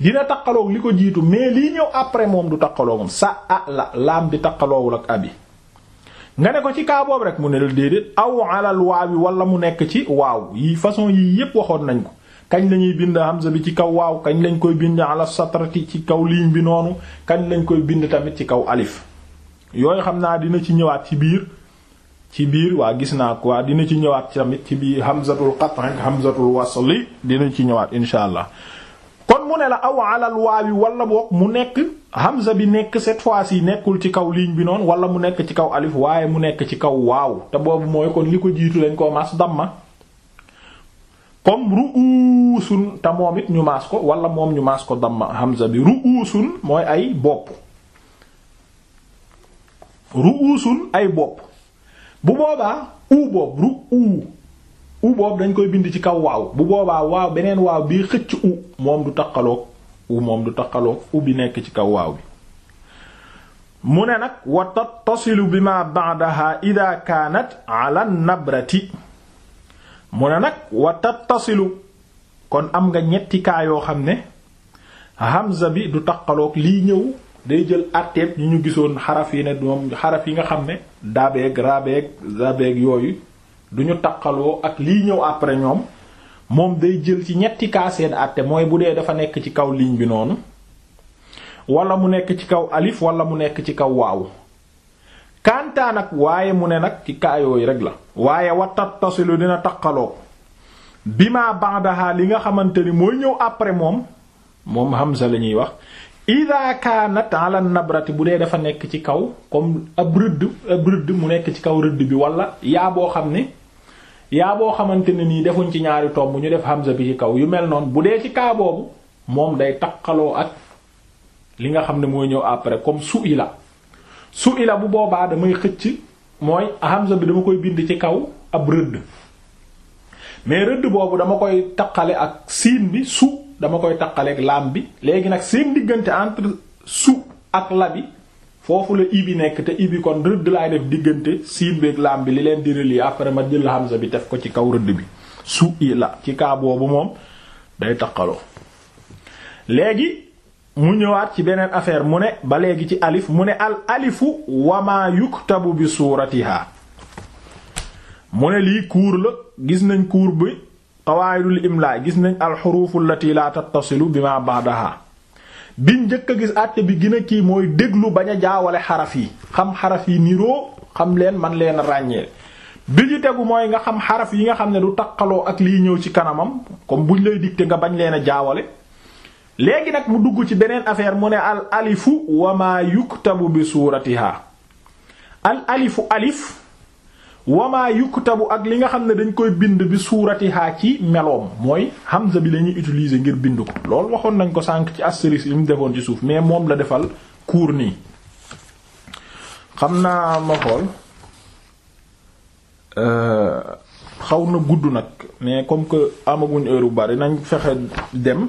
dina taqaloog li ko jiitu mais lii ñëw après moom du taqaloogam sa'ala laam di taqaloowul ak abi nga ne ko ci kaa rek mu ne la déedéet aw alal waaw yi wala mu nekk ci waaw yi façon yii yépp waxoon nañ ko kañ lañuy bind hamza bi ci kaw waaw kañ lañ koy bind ala satrati ci kaw ligne bi noonu kañ lañ koy bind tamit ci kaw alif yooyu xam naa dina ci ñëwaat ci biir. ci biir waa gis naa ko waa dina ci ñëwaat tamit ci biir hamzatul qat' ak hamzatul wasli dina ci ñëwaat insha allah kon mu ne la aw alal waawi wala boog mu nekk hamza bi nekk cette fois yi nekkul ci kaw ligne bi noonu wala mu nekk ci kaw alif waaye mu nekk ci kaw waaw te boobu mooy kon li ko jiitu lañ ko mas damma comme ru'usun te moom it ñu maas ko wala moom ñu maas ko damma hamza bi ru'usun mooy ay bopp ru'usun ay bopp bu boobaa u boobu ru u u boobu dañ koy bind ci kaw waaw bu boobaa waaw beneen waaw bii xëcc u moom du taqaloog u moom du taqaloog u bi nekk ci kaw waaw bi mu ne nag wa tattasilu bi ma ba'daha ida kaanat ala nabrati mu ne nag wa tattasilu kon am nga ñetti yoo xam ne hamza bi du taqaloog lii ñëw day jël arteeb yi ñu gisoon xaraf yi ne doom xaraf yi nga xam ne dabeeg rabeeg zabeeg yooyu duñu ñu taqaloo ak lii ñëw après ñoom moom day jël ci ñetti kaa seen àtte mooy bu dee dafa nekk ci kaw ligne bi noonu wala mu nekk ci kaw alif wala mu nekk ci kaw waaw kantaa nag waaye mu ne nag ci kaa rek la waaye wa tattasilu dina taqaloo bima ba'daha li nga xamante ni mooy ñëw après moom moom Hamza lañuy wax ida kaanat ala nabrati bu dee dafa nekk ci kaw comme ab rëdd ab rëdd mu nekk ci kaw rëdd bi wala yaa boo xam ne yaa boo xamante ne nii defuñ ci ñaari tomb ñu def hamza bi ci kaw yu mel noonu bu dee ci kaa boobu moom day taqaloo ak li nga xam ne mooy ñëw après comme su ila su ila bu boobaa damay xëcc mooy hamza bi dama koy bind ci kaw ab rëdd mais rëdd boobu dama koy taqale ak siin bi su dama koy taqaleeg laam bi léegi nag seen diggante entre su ak labi foofu la i bi nekk te i bi kon rëdd laay def diggante siin beeg laam bi li leen di relier après ma jël hamza bi def ko ci kaw rëdd bi su i la ci kaa boobu moom day taqaloo léegi mu ñëwaat ci beneen affaire mu ne ba léegi ci mu ne al alifu wama bi suuratiha mu ne lii kuur la gis nañ kuur bi qawaayidul imla gis nañ alxurufu allati la tattasilu bi ma ba'daha biñ njëkk a gis àtte bi gën a kii mooy déglu bañ a jaawale xaraf yi xam xaraf yi niroo xam leen man leen ràññee bi ñu tegu mooy nga xam xaraf yi nga xam ne du taqaloo ak liy ñëw ci kanamam comme buñ lay dicté nga bañ leen a jaawale léegi nag mu dugg ci beneen affaire mu ne al alifu wa ma yuktabu bi suuratiha al alifu alif wamaa yuktabu ak li nga xam ne dañ koy bind bi suuratihaa ci meloom mooy hamza bi la ñuy utiliser ngir bind ko loolu waxoon nañ ko sànq ci astérisque yi mu defoon ci suuf mais moom la defal kuur nii xam naa ma xool euh, xaw na gudd nag mais comme que amaguñ heure bu bari nañ fexe dem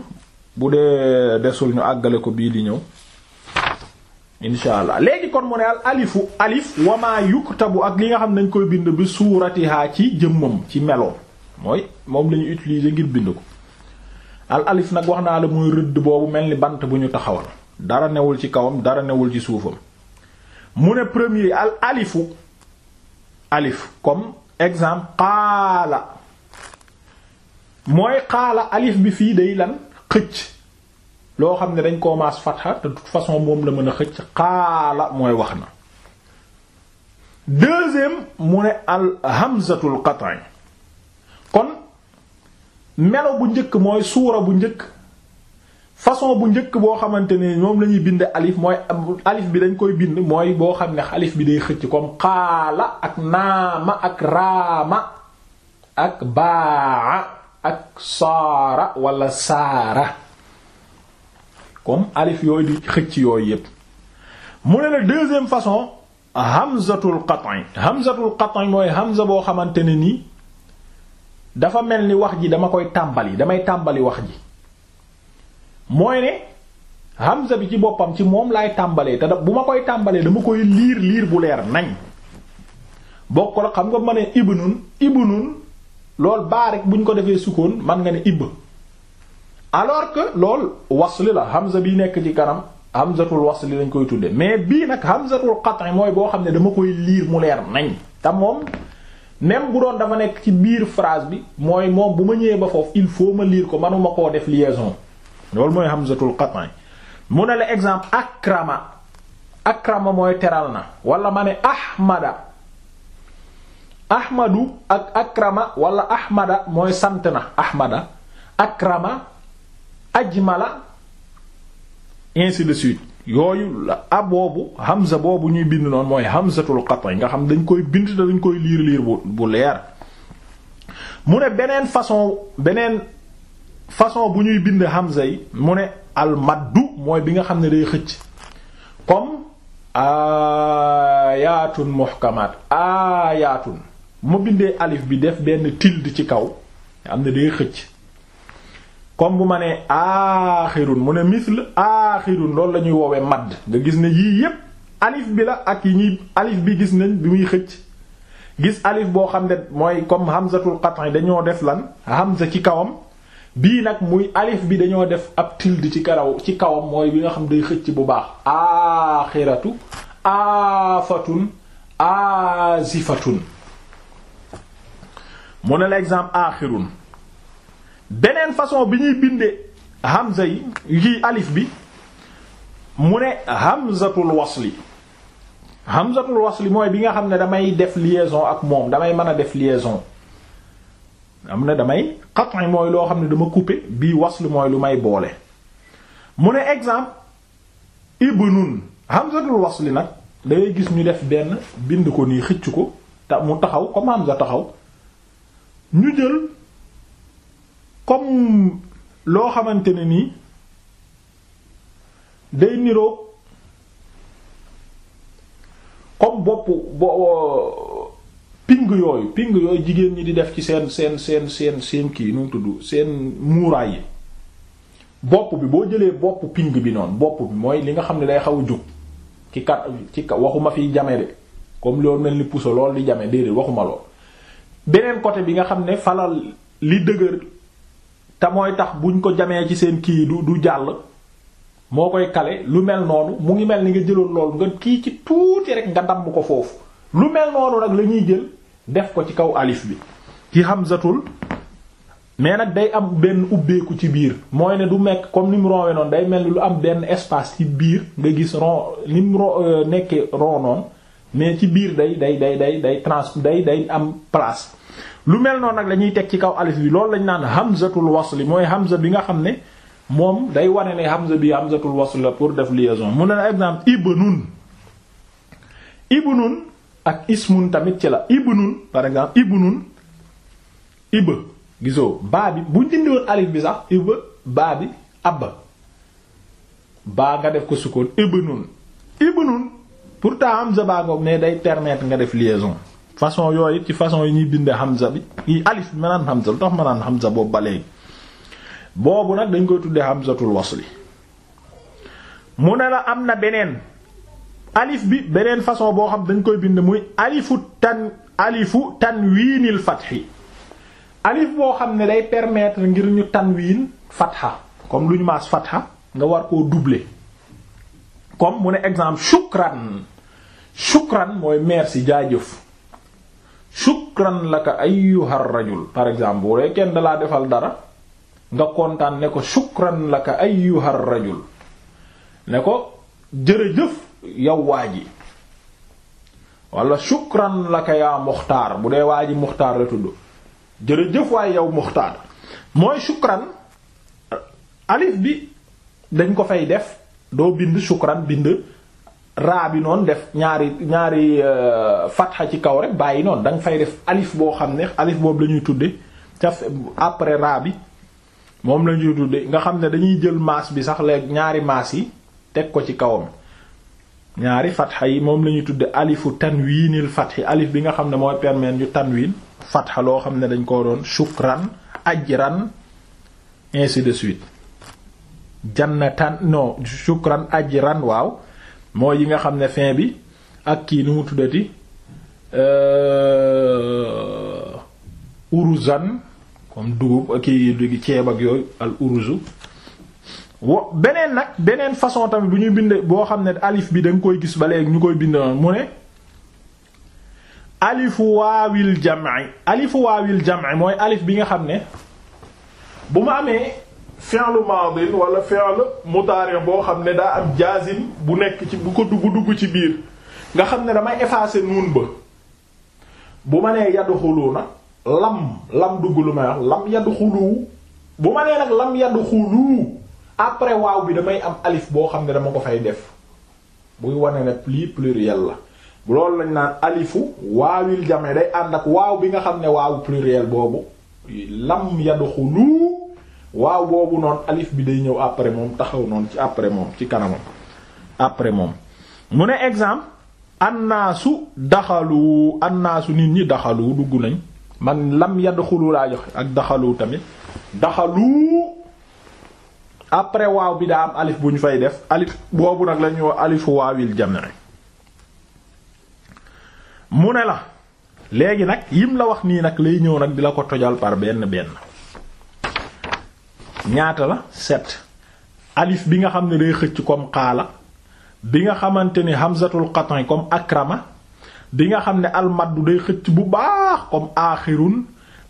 bu dee desul ñu àggale ko bii di ñëw insha allah léegi kon mu ne al alifu alif wamaa yuktabu ak li nga xam ne dañ koy bind bi suuratihaa ci jëmmam ci meloom mooy moom la utilise utiliser ngir bind ko al alif nag wax naa la muy rëdd boobu mel ni bant bu ñu taxawal dara newul ci kawam dara newul ci suufam mu ne premier al alifu alif comme exemple qaala mooy qaala alif bi fii day lan xëcc loo xam ne dañ koo maas fatxa de toute façon moom la mën a xëcc xaala mooy wax na deuxième mu ne al hamzatul kon melo bu njëkk mooy suura bu njëkk façon bu njëkk boo xamante ne moom lañuy bind alif mooy alif bi dañ koy bind mooy boo xam ne alif bi day xëcc comme xaala ak naama ak raama ak baa ak saara wala saara comme alif yooyu di xëcc yooyu yépp mu ne la deuxième façon hamzatul qat'i hamzatul katon mooy hamza boo xamante ne nii dafa mel ni wax ji dama koy tàmbali damay tàmbali wax ji mooy ne hamza bi ci boppam ci moom laay tàmbalee te da bu ma koy tàmbalee dama koy liir liir bu leer nañ bokk la xam nga ma ne ibnun ibnun lool baa rek bu ñu ko defee sukkoon man nga ne ibb alors que loolu wasli la hamza bi nekk ci kanam hamzatul wasli lañ koy tudde mais bii nag hamzatul qat'i mooy boo xam ne dama koy liir mu leer nañ te moom même bu doon dafa nekk ci biir frase bi mooy moom bu ma ñëwee ba foofu il faut ma liir ko manuma koo def liaison loolu mooy hamzatul qat'i mu ne la exemple ak akrama akrama mooy teral na wala ma ne ahmada ahmadu ak akrama wala ahmada mooy sant na ahmada akrama ajmala ainsi de suite yooyu la a boobu hamza boobu ñuy bind noonu mooy hamzatul yi nga xam ne dañ koy bind te dañ koy liir liir bu bu leer mu ne beneen façon beneen façon bu ñuy bind hamza yi mu ne al maddu mooy bi nga xam ne day xëcc comme ayatun muhkamat ayatun mu bindee alif bi def benn tilde ci kaw nga xam ne day xëcc comme bu ma nee aaxirun mu ne misl aaxirun loolu la ñuy woowee madd nga gis ne yii yépp alif bi la ak yi ñuy alif bi gis nañ bi muy xëcc gis alif boo xam ne mooy comme hamzatul yi dañoo def lan hamza ci kawam bii nag muy alif bi dañoo def ab tilde ci karaw ci kawam mooy bi nga xam day xëcc bu baax aaxiratu aafatun aazifatun mu ne l'exemple aaxirun beneen façon bi ñuy bindee hamza yi yi alif bi mu ne hamzatul wasli hamzatul wasli mooy bi nga xam ne damay def lieson ak moom damay mën a def lieson am na damay qat'i mooy loo xam ne dama couper bii waslu mooy lu may boole mu ne exemple ibnun hamzatul wasli nag da gis ñu def benn bind ko nii xicc ko te mu taxaw comme hamza taxaw ñu jël comme loo xamante ne nii day niroog comme bopp bo ping yooyu ping yooyu jigéen ñi di def ci seen seen seen seen seen kii nu mu tudd seen muuraay yi bopp bi boo jëlee bopp ping bi noonu bopp bi mooy li nga xam ne day xaw a jóg ci kat ci ka waxuma fiy jame de comme loolu mel ni puso lool di jame déedéet waxuma lool beneen côté bi nga xam ne falal li dëgër te mooy tax buñ ko jamee ci seen kii du du jàll moo koy kale lu mel noonu mu ngi mel ni nga jëloon loolu nga kii ci tuuti rek nga damm ko foofu lu mel noonu nag la ñuy jël def ko ci kaw alif bi ci hamzatul mais nag day am benn ubbeeku ci biir mooy ne du mekk comme ni mu day mel ni lu am benn espace ci biir nga gis ron ni mu ro euh, nekkee ron noonu mais ci biir day day day day day trans day day am place lu mel noonu nag la teg ci kaw alif bi loolu lañ naan hamzatul wasli mooy hamza bi nga xam ne moom day wane ne hamza bi hamzatul wasli la pour def liaison mu ne la exemple ibnun ibnun ak ismun tamit ci la ibnun par exemple ibnun iba gisoo baa bi bu dindiwoon alif bi sax iba baa bi abba baa nga def ko sukkoon ibnun ibnun pourtant hamza baa ngoog ne day permettre nga def liaison façon yooyu ci façon yi ñuy bindee Hamza bi yi alif bi mënaan Hamza lu tax mënaan Hamza boobu ba léegi boobu nag dañ koy tuddee Hamzatul wasuli mu ne la am na beneen alif bi beneen façon boo xam dañ koy bind muy alifu tan alifu tanwiinil fatxi alif boo xam ne day permettre ngir ñu tanwiin fatxa comme lu ñu maas fatxa nga war koo doubler comme mu ne exemple shukran shukran mooy merci jaajëf shukran laka ayyuha rajul par exemple bu dee kenn dalaa defal dara nga kontaan ne ko shukran laka ayyuha rajul ne ko jërëjëf yow waa ji wala shukran laka yaa muxtaar bu dee waa ji muxtaar la tudd jërëjëf waaye yow muxtaar mooy shukran alif bi dañ ko fay def doo bind shukran bind raa bi noonu def ñaari ñaari euh, fatxa ci kaw rek bàyyi noonu da fay def alif boo xam ne alif boobu la ñuy tudde ca après raa bi moom la ñuy tudde nga xam ne dañuy jël maas bi sax léegi ñaari maas yi teg ko ci kawam ñaari fatxa yi moom la ñuy tudde alifu tanwiinil fatxi alif bi nga xam ne mooy permettre ñu tanwiin fatxa loo xam ne dañ ko doon shukran ajran ainsi de suite jannatan non shukran ajran waaw mooy yi nga xam ne fin bi ak kii nu mu tuddati euh, uruzan comme dugub kii ceeb ak yooyu al uruzu wo beneen nag beneen façon tamit bu ñuy bind boo xam ne alif bi da koy gis ba léegi ñu koy bind noonu mu ne alifu waawil jam'i alifu mooy alif bi nga xam ne bu ma amee fi'lu maadin walla fi'lu mudaari boo xam ne daa am jaazim bu nekk ci bu ko dugg dugg ci biir nga xam ne damay effacer nuun ba bu ma nee yadxuluuna lam lam dugg lu may wax lam yadxulu bu après waaw bi damay am alif boo xam ne dama ko fay def buy wane ne pli pluriel la loolu lañ naan alifu waawil jame day ànd ak waaw bi nga xam ne waawu pluriel boobu lam yadxulu waaw boobu noonu alif bi day ñëw après moom taxaw noonu ci après moom ci kanamam après moom mu ne exemple annaasu daxalu annaasu nit ñi daxalu dugg nañ man lam yadxulu laa joxe ak daxalu tamit daxalu après waaw bi daa am alif bu ñu fay def alif boobu nag la ñuy wax alifu waawil jami mu ne la léegi nag yim la wax nii nag lay ñëw nag di la ko tojal par benn benn ñaata la sept alif bi nga xam ne day xëcc comme xaala bi nga xamante ni hamzatul qat'i comme akrama bi nga xam ne almaddu day xëcc bu baax comme aaxirun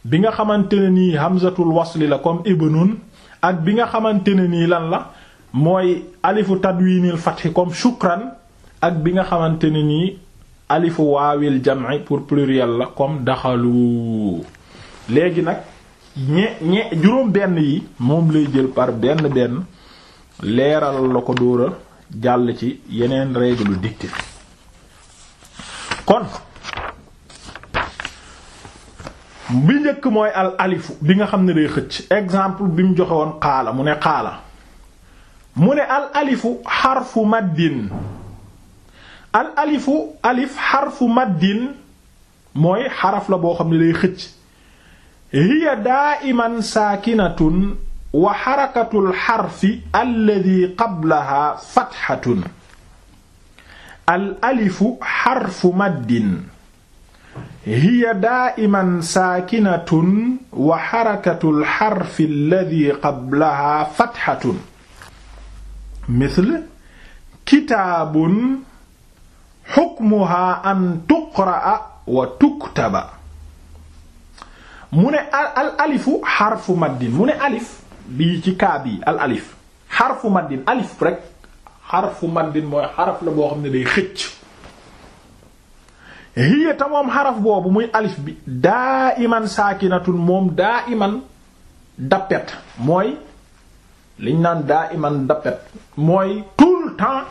bi nga xamante ne nii hamzatul wasli la comme ibnun ak bi nga xamante ne nii lan la mooy alifu tadwinil fathi comme shukran ak bi nga xamante ne nii alifu waawil jam'i pour pluriel la comme daxalu léegi nag ñe ñe juróom benn yi moom lay jël par benn benn leeralal la ko dóora jàll ci yeneen règle dictée kon bi njëkk mooy al alifu bi nga xam ne day xëcc exemple bi mu joxewoon woon xaala mu ne xaala mu ne al alifu xarfu maddin al alifu alif xarfu maddin mooy xaraf la boo xam ne day xëcc hiya daa'iman saakinatun wa xarakatul xarfi alladi qablaha fatxatun al alifu xarfu maddin hiya daa'iman saakinatun wa xarakatul xarfi alladi qablaha fatxatun misl kitaabun xukmuha an tuqra'a wa tuktaba mu ne alifu xarfu maddin mu ne alif bi ci kaa bii alif xarfu maddin alif rek xarfu maddin mooy xaraf la boo xam ne day xëcc hiya ta moom xaraf boobu muy alif bi daa iman saakinatun moom daa iman dappet mooy liñ naan daa iman dappet mooy tout le temps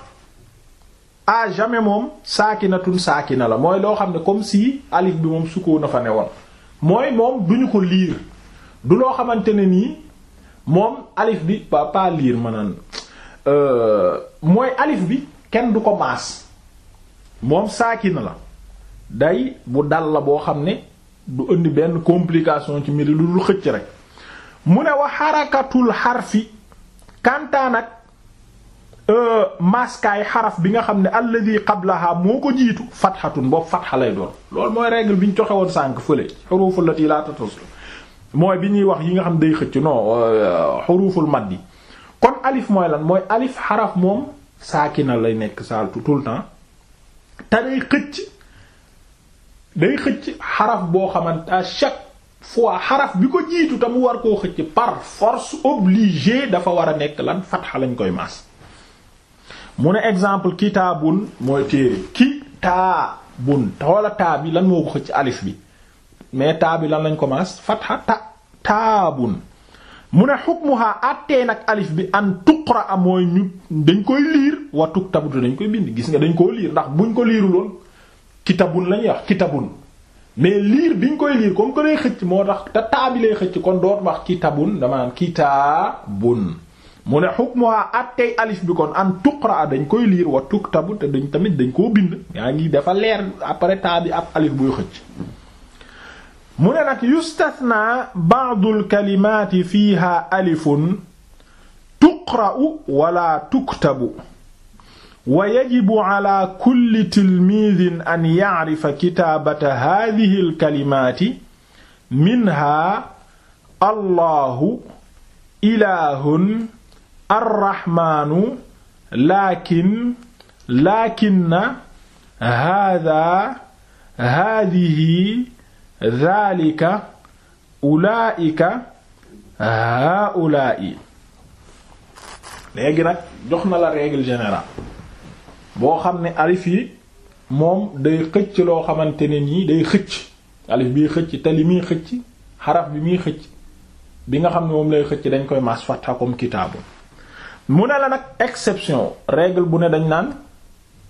à jamais moom saakinatun saakina la mooy loo xam ne comme si alif bi moom sukkoon na fa ne woon mooy moom duñu ko liir du loo xamante ne nii moom alif bi pas pas liir ma naan euh, mooy alif bi kenn du ko maas moom saakina la day bu dal la boo xam ne du indi benn complication ci mbir lu dul xëcc rek mu ne wa xarakatul xarfi kantaan ak Euh, maskaay xaraf bi nga xam ne alladhi qablaha moo ko jiitu fathatun boobu fatha lay doon loolu mooy règle bi ñu joxe woon sànq fële xurufu lati la tatasul mooy bi ñuy wax yi nga xam day xëcc non euh, xuruful maddi kon alif mooy lan mooy alif xaraf moom saakina lay nekk saaltu tout le temps te day xëcc day xëcc xaraf boo xamante à chaque fois xaraf bi ko jiitu te mu war koo xëcc par force obligée dafa war a nekk lan fatha lañ koy maas mu ne exemple kitaabun mooy téere kitaabun xoola taa bi lan moo ko xëcc alif bi mais taa bi lan lañ commence fatha ta taabun mu ne hukmuha àttee nag alif bi an tuqra a mooy ñu dañ koy liir wa tuktabu dañ koy bind gis nga dañ koo liir ndax buñ ko liiruloon kitabun lañuy wax kitabun mais liir biñ koy liir comme que day xëcc moo tax te taa bi xëcc kon doot wax kitabun dama naan kitaabun mu ne hukmuha attey alif bi kon an tuqra dañ koy liir wa tuktabu te dañ tamit dañ koo bind yaa ngi dafa leer après taa bi ab alif buy xëcc mu ne nag yustathna ba'dul kalimaati fiiha alifun tuqra'u wala tuktabu wa yajibu ala kulli tilmiidin an ya'rifa kitaabata haadihi alkalimaati minha allahu ilaahun arraxmaanu laakin laakinna haadaa haadihi daalika ulaa'ika haa'ulaa'i léegi nag jox na la règle générale boo xam ne alif yi moom day xëcc loo xamante ne nii day xëcc alif bii xëcc te li muy xëcc xarab bi muy xëcc bi nga xam ne moom lay xëcc dañ koy mas fatha comme kitaabu mu ne la nag exception règle bu ne dañ naan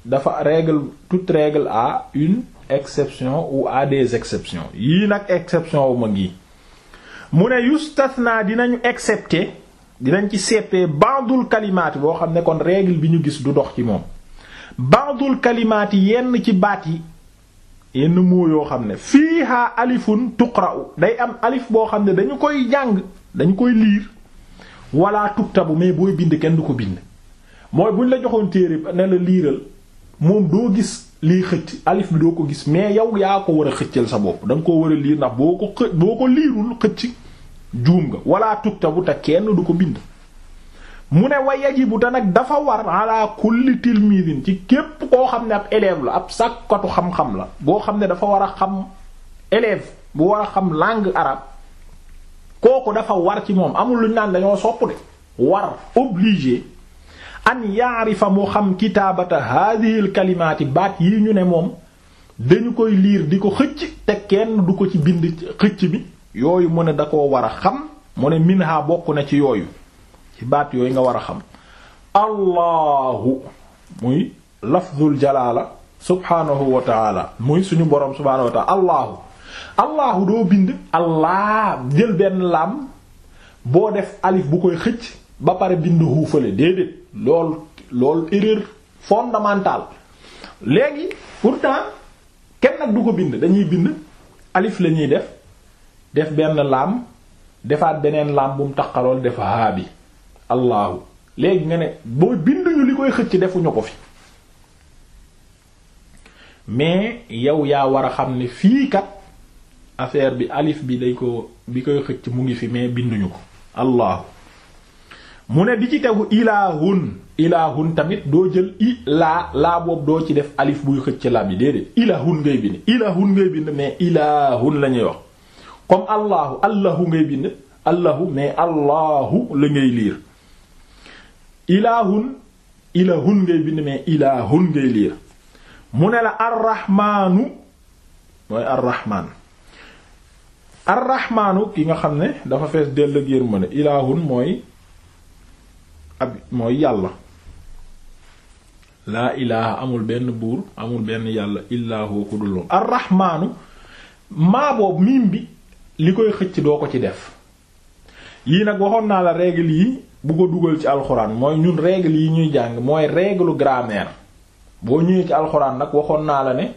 dafa règle toute règle a une exception ou à des exception yii nag exception wu ma ngi mu ne naa dinañu excepté dinañ ci seppee bandul kalimaati boo xam ne kon règle bi ñu gis du dox ci moom bandul kalimaati yenn ci baat yi yenn moo yoo xam ne fiiha alifun tuqra'u day am alif boo xam ne dañu koy jàng dañu koy liir wala tuktabu mais booy bind kenn du ko bind mooy buñ la joxoon téere ba ne la liiral moom doo gis lii xëcc alif bi doo ko gis mais yow yaa ko war a xëccal sa bopp danga nga ko war a liir ndax boo ko xë boo ko liirul xëcc juum nga wala tuktabu te kenn du ko bind mu ne wa yajibu te nag dafa war ala kulli tilmidin ci képp koo xam ne ab élève la ab sàkkatu xam-xam la boo xam ne dafa war a xam élève bu war a xam langue arabe kooku dafa war ci moom amul lu ñu naan dañoo sopp de war obligé an yaarifa mu xam kitaabata haadihil kalimaati baat yi ñu ne moom dañu koy liir di ko xëcc te kenn du ko ci bind xëcc bi yooyu mu ne da koo war a xam mu ne minha bokk na ci yooyu ci baat yooyu nga war a xam allahu muy lafdul jalaala subhaanahu wa taala muy suñu borom subhaanahu wa allahu allahu doo bind allah jël benn laam boo def alif bu koy xëcc ba pare bind huufale déedéet lool lool erreur fondamentale léegi pourtant kenn nag du ko bind dañuy bind alif lañuy def def benn lam defaat beneen laam bu mu taqalool def haa bi allahu léegi nga ne boo binduñu li koy xëcc defuñu ko fi mais yow yaa war a xam ne fii kat affaire bi alif bi dañ ko bi koy xëcc mu ngi fi mais binduñu ko allahu mu ne di ci tegu ilaahun ilaahun tamit doo jël i laa laa boobu doo ci def alif buy xëcc la bi déedéet ilaahun ngay bind ilaahun ngay bind mais ilaahun ngay liir ilaahun ilaahun ngay bind mais ilaahun ngay liir mu ne la arrahmaanu mooy arrahmaan arrahmaanu ki nga xam ne dafa fees dell ak yërmande ilaahun mooy ab mooy yàlla laa ilaaha amul benn buur amul benn yàlla illaahu ku dul moom miim bi li koy xëcc doo ko ci def lii nag waxoon naa la règle yi bu ko dugal ci alxuraan mooy ñun règle yi ñuy jàng mooy règle grammaire boo ñëwee ci alxuraan nag waxoon naa la ne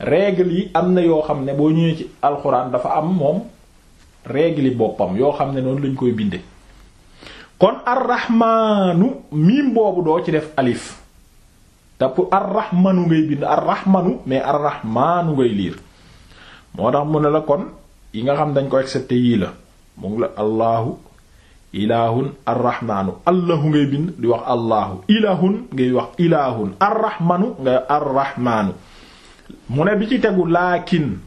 règle yi am na yoo xam ne boo ñëwee ci alxuraan dafa am moom règle boppam yoo xam ne noonu lañ koy binde kon arrahmaanu miim boobu doo ci def alif te pour arrahmanu ngay bind arrahmanu mais arrahmaanu ngay liir moo tax mu ne la kon yi nga xam dañ ko accepté yii la mu ngi la allahu ilaahun arrahmaanu allahu ngay bind di wax allahu ilaahun ngay wax ilaahun arrahmanu ngay arrahmaanu mu ne bi ci tegu lakin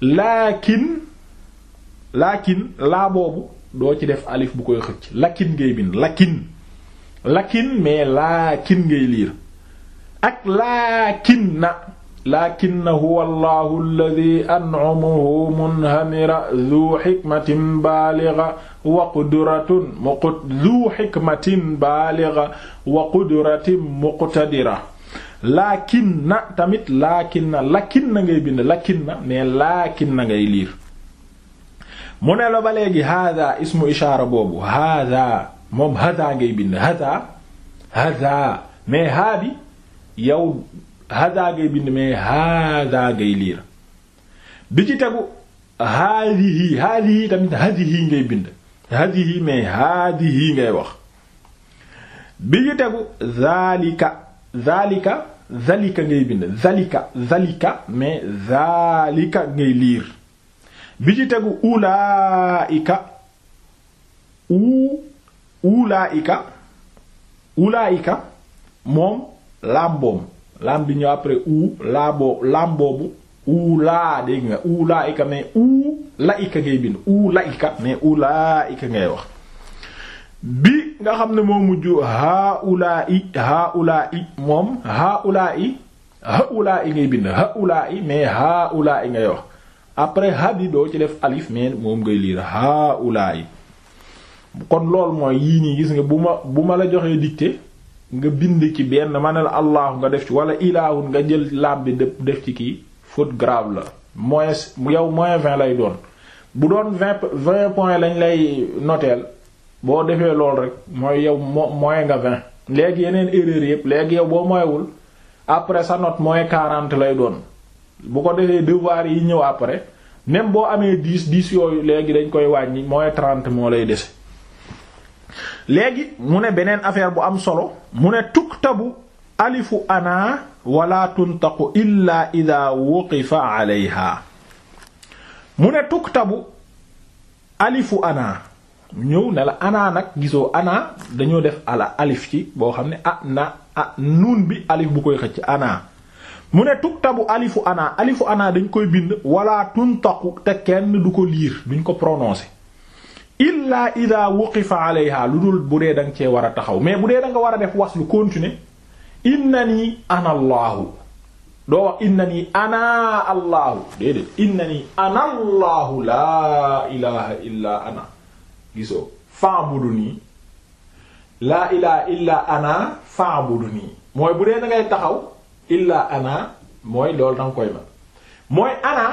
lakin laakin laa boobu doo ci def alif bu koy xëcc lakin ngay bind lakin lakin mais laakin ngay liir ak laakin na lakin huwa allahu alladi an'amahu munhamira zu xikmatin baaliga wa qudratun muqtadira laakin na tamit laakin na lakin na ngay bind lakin na mais laakin na ngay liir mu ne la ba léegi hada ismu ishaara boobu hada moom hada ngay bind hada hada mais haa bi yow hada ngay bind mais hada ngay liir bi ci tegu haadihi haadihi tamit haadihi ngay bind haadihi mais haadihi ngay wax bi ci tegu zaalika zaalika zalika ngay bind zalika zalika mais zalika ngay liir bi ci tegu ulaika u ulaika ulaika moom làmboom lam bi ñëw après u laaboo lam boobu ulaa dégg nga ulaika mais ulaika ngay bind ulaika mais ulaika ngay wax bi nga xam ne moo mujj haulai haulai moom haulai haulai ngay bind haulai mais haulai ngay wax après hadi ci def alif mais moom ngay liir haulai kon loolu mooy yii nii gis nga bu ma bu ma la joxee dictée nga bind ci benn ma ne la allahu nga def ci wala ilaahun nga jël laam bi def ci kii faute grave la moins yow moins vingt lay doon bu doon vingt vingt points lañ lay noteel boo defee lool rek mooy yow moo moyen nga vingt léegi yeneen erreur yëpp léegi yow boo moywul après sa not mooy quarante lay doon bu ko defee devoir yi ñëw après même boo amee dix dix yooyu léegi dañ koy wàññi mooy trente moo lay dese léegi mu ne beneen affaire bu am solo mu ne tuktabu alifu ana wala tuntaqu illa ida wuqifa alayha mu ne tuktabu alifu ana ñëw ne la ana nag gisoo ana dañoo def ala alif ci boo xam ne a ah na ah nuun bi alif bu koy xëcc ana mu ne tabu alifu anaa alifu ana dañ koy bind wala tuntaqu te kenn du ko liir duñ ko prononcer illaa ida wuqifa alayha lu dul bu dee danga cee war a taxaw mais bu dee da war a def was lu continuer inna nii ana allaahu doo wax inna nii ana allaahu déedéet inna nii laa ilaha illa ana gisoo fa'buduni laa ilaa illaa ana fa'buduni mooy bu dee da taxaw illaa ana mooy loolu danga koy ma mooy ana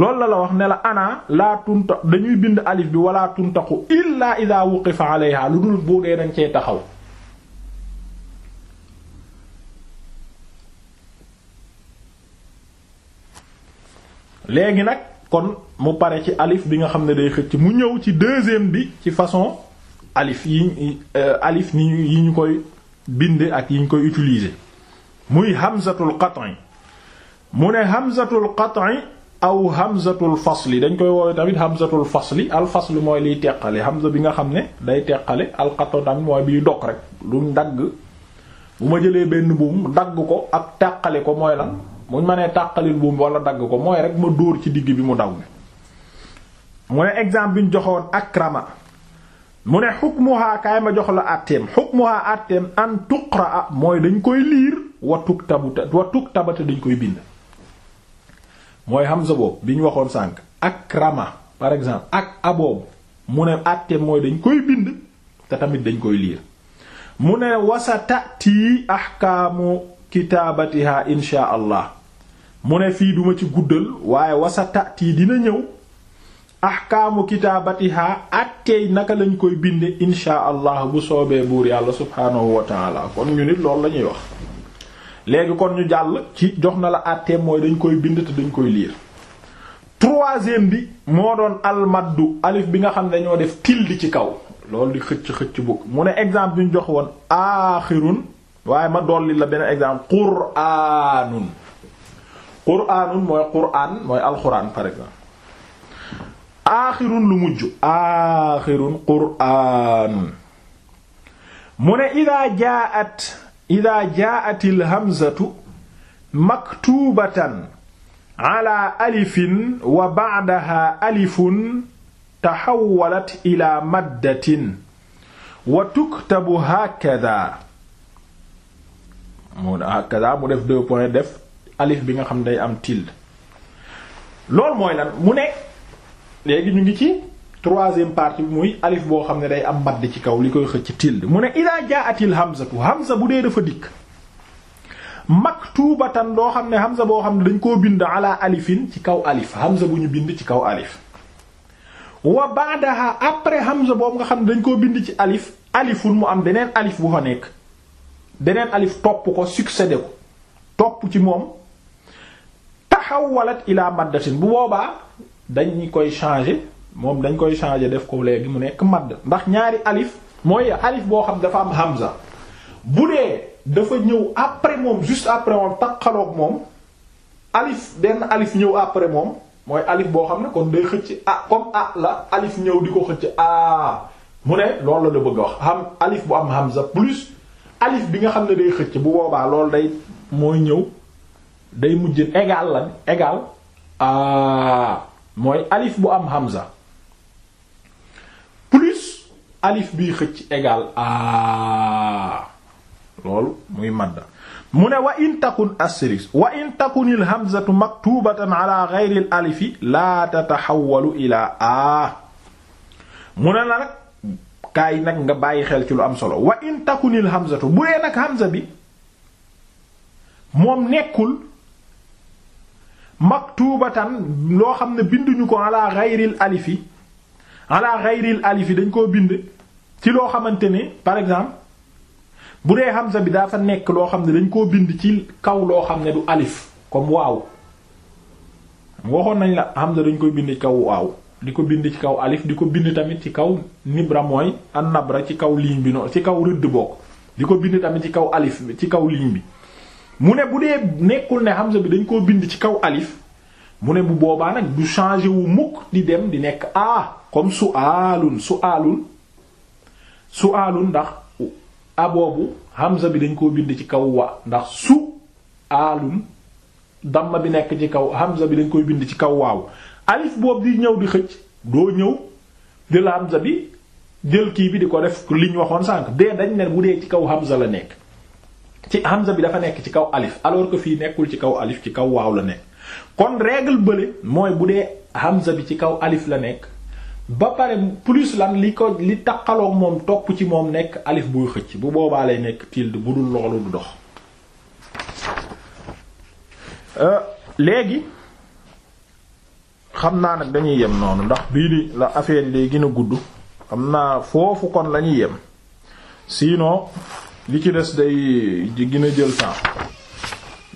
loolu la la wax ne la ana laa tunta dañuy bind alif bi wala tuntaqu illaa idaa wuqifa alayha lu dul bu dee dañ cee taxaw léegi nag kon mu pare ci alif bi nga xam ne day xëcc mu ñëw ci deuxième bi ci façon alif yi euh, alif ni yi ñu koy bindee ak yi ñu koy utiliser muy hamzatul qat'i mu ne hamzatul qat'i aw hamzatul fasli dañ koy woowe tamit hamzatul fasli al fasli mooy liy teqale hamza bi nga xam ne day teqale al qat'u tamit mooy biy dog rek lu dagg bu ma jëlee benn buum dagg ko ak teqale ko mooy lan muñ ma nee tàqalil buum wala dagg ko mooy rek ma dóor ci digg bi mu daw bi mu ne exemple bi ñu joxoon akrama mu ne xukmuhaa kaay ma jox la àtteem xukmuhaa àtteem an tuqra mooy dañ koy liir wa tuktabuta wa tuktabata dañ koy bind mooy hamza boobu bi ñu waxoon ak akrama par exemple ak aboobu mu ne àtteem mooy dañ koy bind te tamit dañ koy liir mu ne wasatati ahkaamu kitaabatiha insha allah mu ne fii duma ci guddal waaye wasa tati dina ñëw ahkaamu kitaabatihaa àtteey naka lañ koy binde insha allah bu soobee buur yàlla subhaanahu wa taala kon ñu nit loolu la ñuy wax léegi kon ñu jàll ci jox na la àtteem mooy dañ koy bind te dañ koy liir troisième bi moo doon almaddu alif bi nga xam ne dañoo def tilde ci kaw loolu di xëcc xëcc bu mu ne exemple bi ñu jox woon aaxirun waaye ma dolli la benn exemple quraanun quraanun mooy quraan mooy alxuraan par exemple aaxirun lu mujj aaxirun quraanun mu ne idaa jaat idaa jaatil hamzatu maktubatan ala alifin wa ba'daha alifun taxawalat ila maddatin wa tuktabu hakada mu hakada mu def deux points def alif bi nga xam ne day am tilde loolu mooy lan mu ne léegi ñu ngi ci troisième parti bi muy alif boo xam ne day am madd ci kaw li koy xëcc tilde mu ne ida jaatil hamzatu hamza bu dee dafa dikk maktubatan loo xam ne hamza boo xam ne dañ koo bind ala alifin ci kaw alif hamza ñu bind ci kaw alif wa ba'daha après hamza boobu nga xam ne dañ koo bind ci alif alifun mu am beneen alif bu fa nekk beneen alif topp ko succédé ko topp ci moom taxawalat ila maddatin bu boobaa dañ koy changer moom dañ koy changer def ko léegi mu nekk madd ndax ñaari alif mooy alif boo xam ne dafa am hamza bu dee dafa ñëw après moom juste après moom taqaloog moom alif benn alif ñëw après moom mooy alif boo xam ne kon day xëcc ah comme ah la alif ñëw di ko xëcc ah mu ne loolu la bëgg a wax am alif bu am hamza plus alif bi nga xam ne day xëcc bu boobaa loolu day mooy ñëw day mujj égal lan égal a mooy alif bu am hamza plus alif bii xëcc égal a loolu muy madda mu ne wa in takun astérisque wa in takun il hamzatu maktubatan ala ghayril alifi la tataxawalu mu ne la nag kaay nag nga bàyyi xel ci lu am solo wa in takunil hamzatu bu dee nag hamza bi moom nekkul maktubatan loo xam ne binduñu ko ala ghayril alifi ala ghayril alifi dañ koo bind ci loo xamante ni par exemple bu dee hamza bi daa fa nekk loo xam ne dañ koo bind ci kaw loo xam ne du alif comme waaw waxoon nañ la hamza dañ koy bind ci kaw waaw di ko bind ci kaw alif di ko bind tamit ci kaw nibra mooy an nabra ci kaw ligne bi noonu ci kaw rëdd bokk di ko bind tamit ci kaw alif ci kaw ligne bi mu ne bu dee nekkul ne Hamza bi dañ koo bind ci kaw alif mu ne bu boobaa nag du changer wu mukk di dem di nekk a comme su'aalun su'aalun su'aalun ndax a boobu bi dañ koo bind ci kaw wa ndax su'aalun damma bi nekk ci kaw Hamza bi dañ koy bind ci kaw waaw alif boobu di ñëw di xëcc doo ñëw jël Hamza bi jël kii bi di ko def li ñu waxoon sànq dee dañ ne bu dee ci kaw Hamza la nekk. ci hamza bi dafa nekk ci kaw alif alors que fii nekkul ci kaw alif ci kaw waaw la nekk kon règle bële mooy bu dee hamza bi ci kaw alif la nekk ba pare plus lan li ko li taqaloog moom topp ci moom nekk alif buy xëcc bu boobaa lay nekk tilde bu dul loolu du dox euh, léegi xam naa nag dañuy yem noonu ndax bii di la affaire yi gin a gudd xam naa foofu kon lañuy yem sinon li ci des day gën a jël temps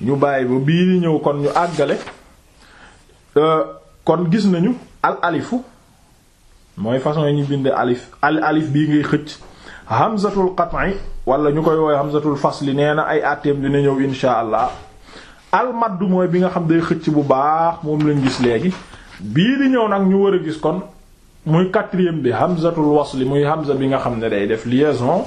ñu bàyyi ba bii ñëw kon ñu àggale euh, kon gis nañu al alifu mooy façon yi ñu bind alif al alif bii ngay xëcc hamzatul qat'i wala ñu koy woowe hamzatul li nee na ay atteem dina ñëw insha allah al maddu bi nga xam day xëcc bu baax moom lañ gis léegi bii di ñëw nag ñu war a gis kon muy quatrième bi hamzatul wasli muy hamza bi nga xam ne day def liaison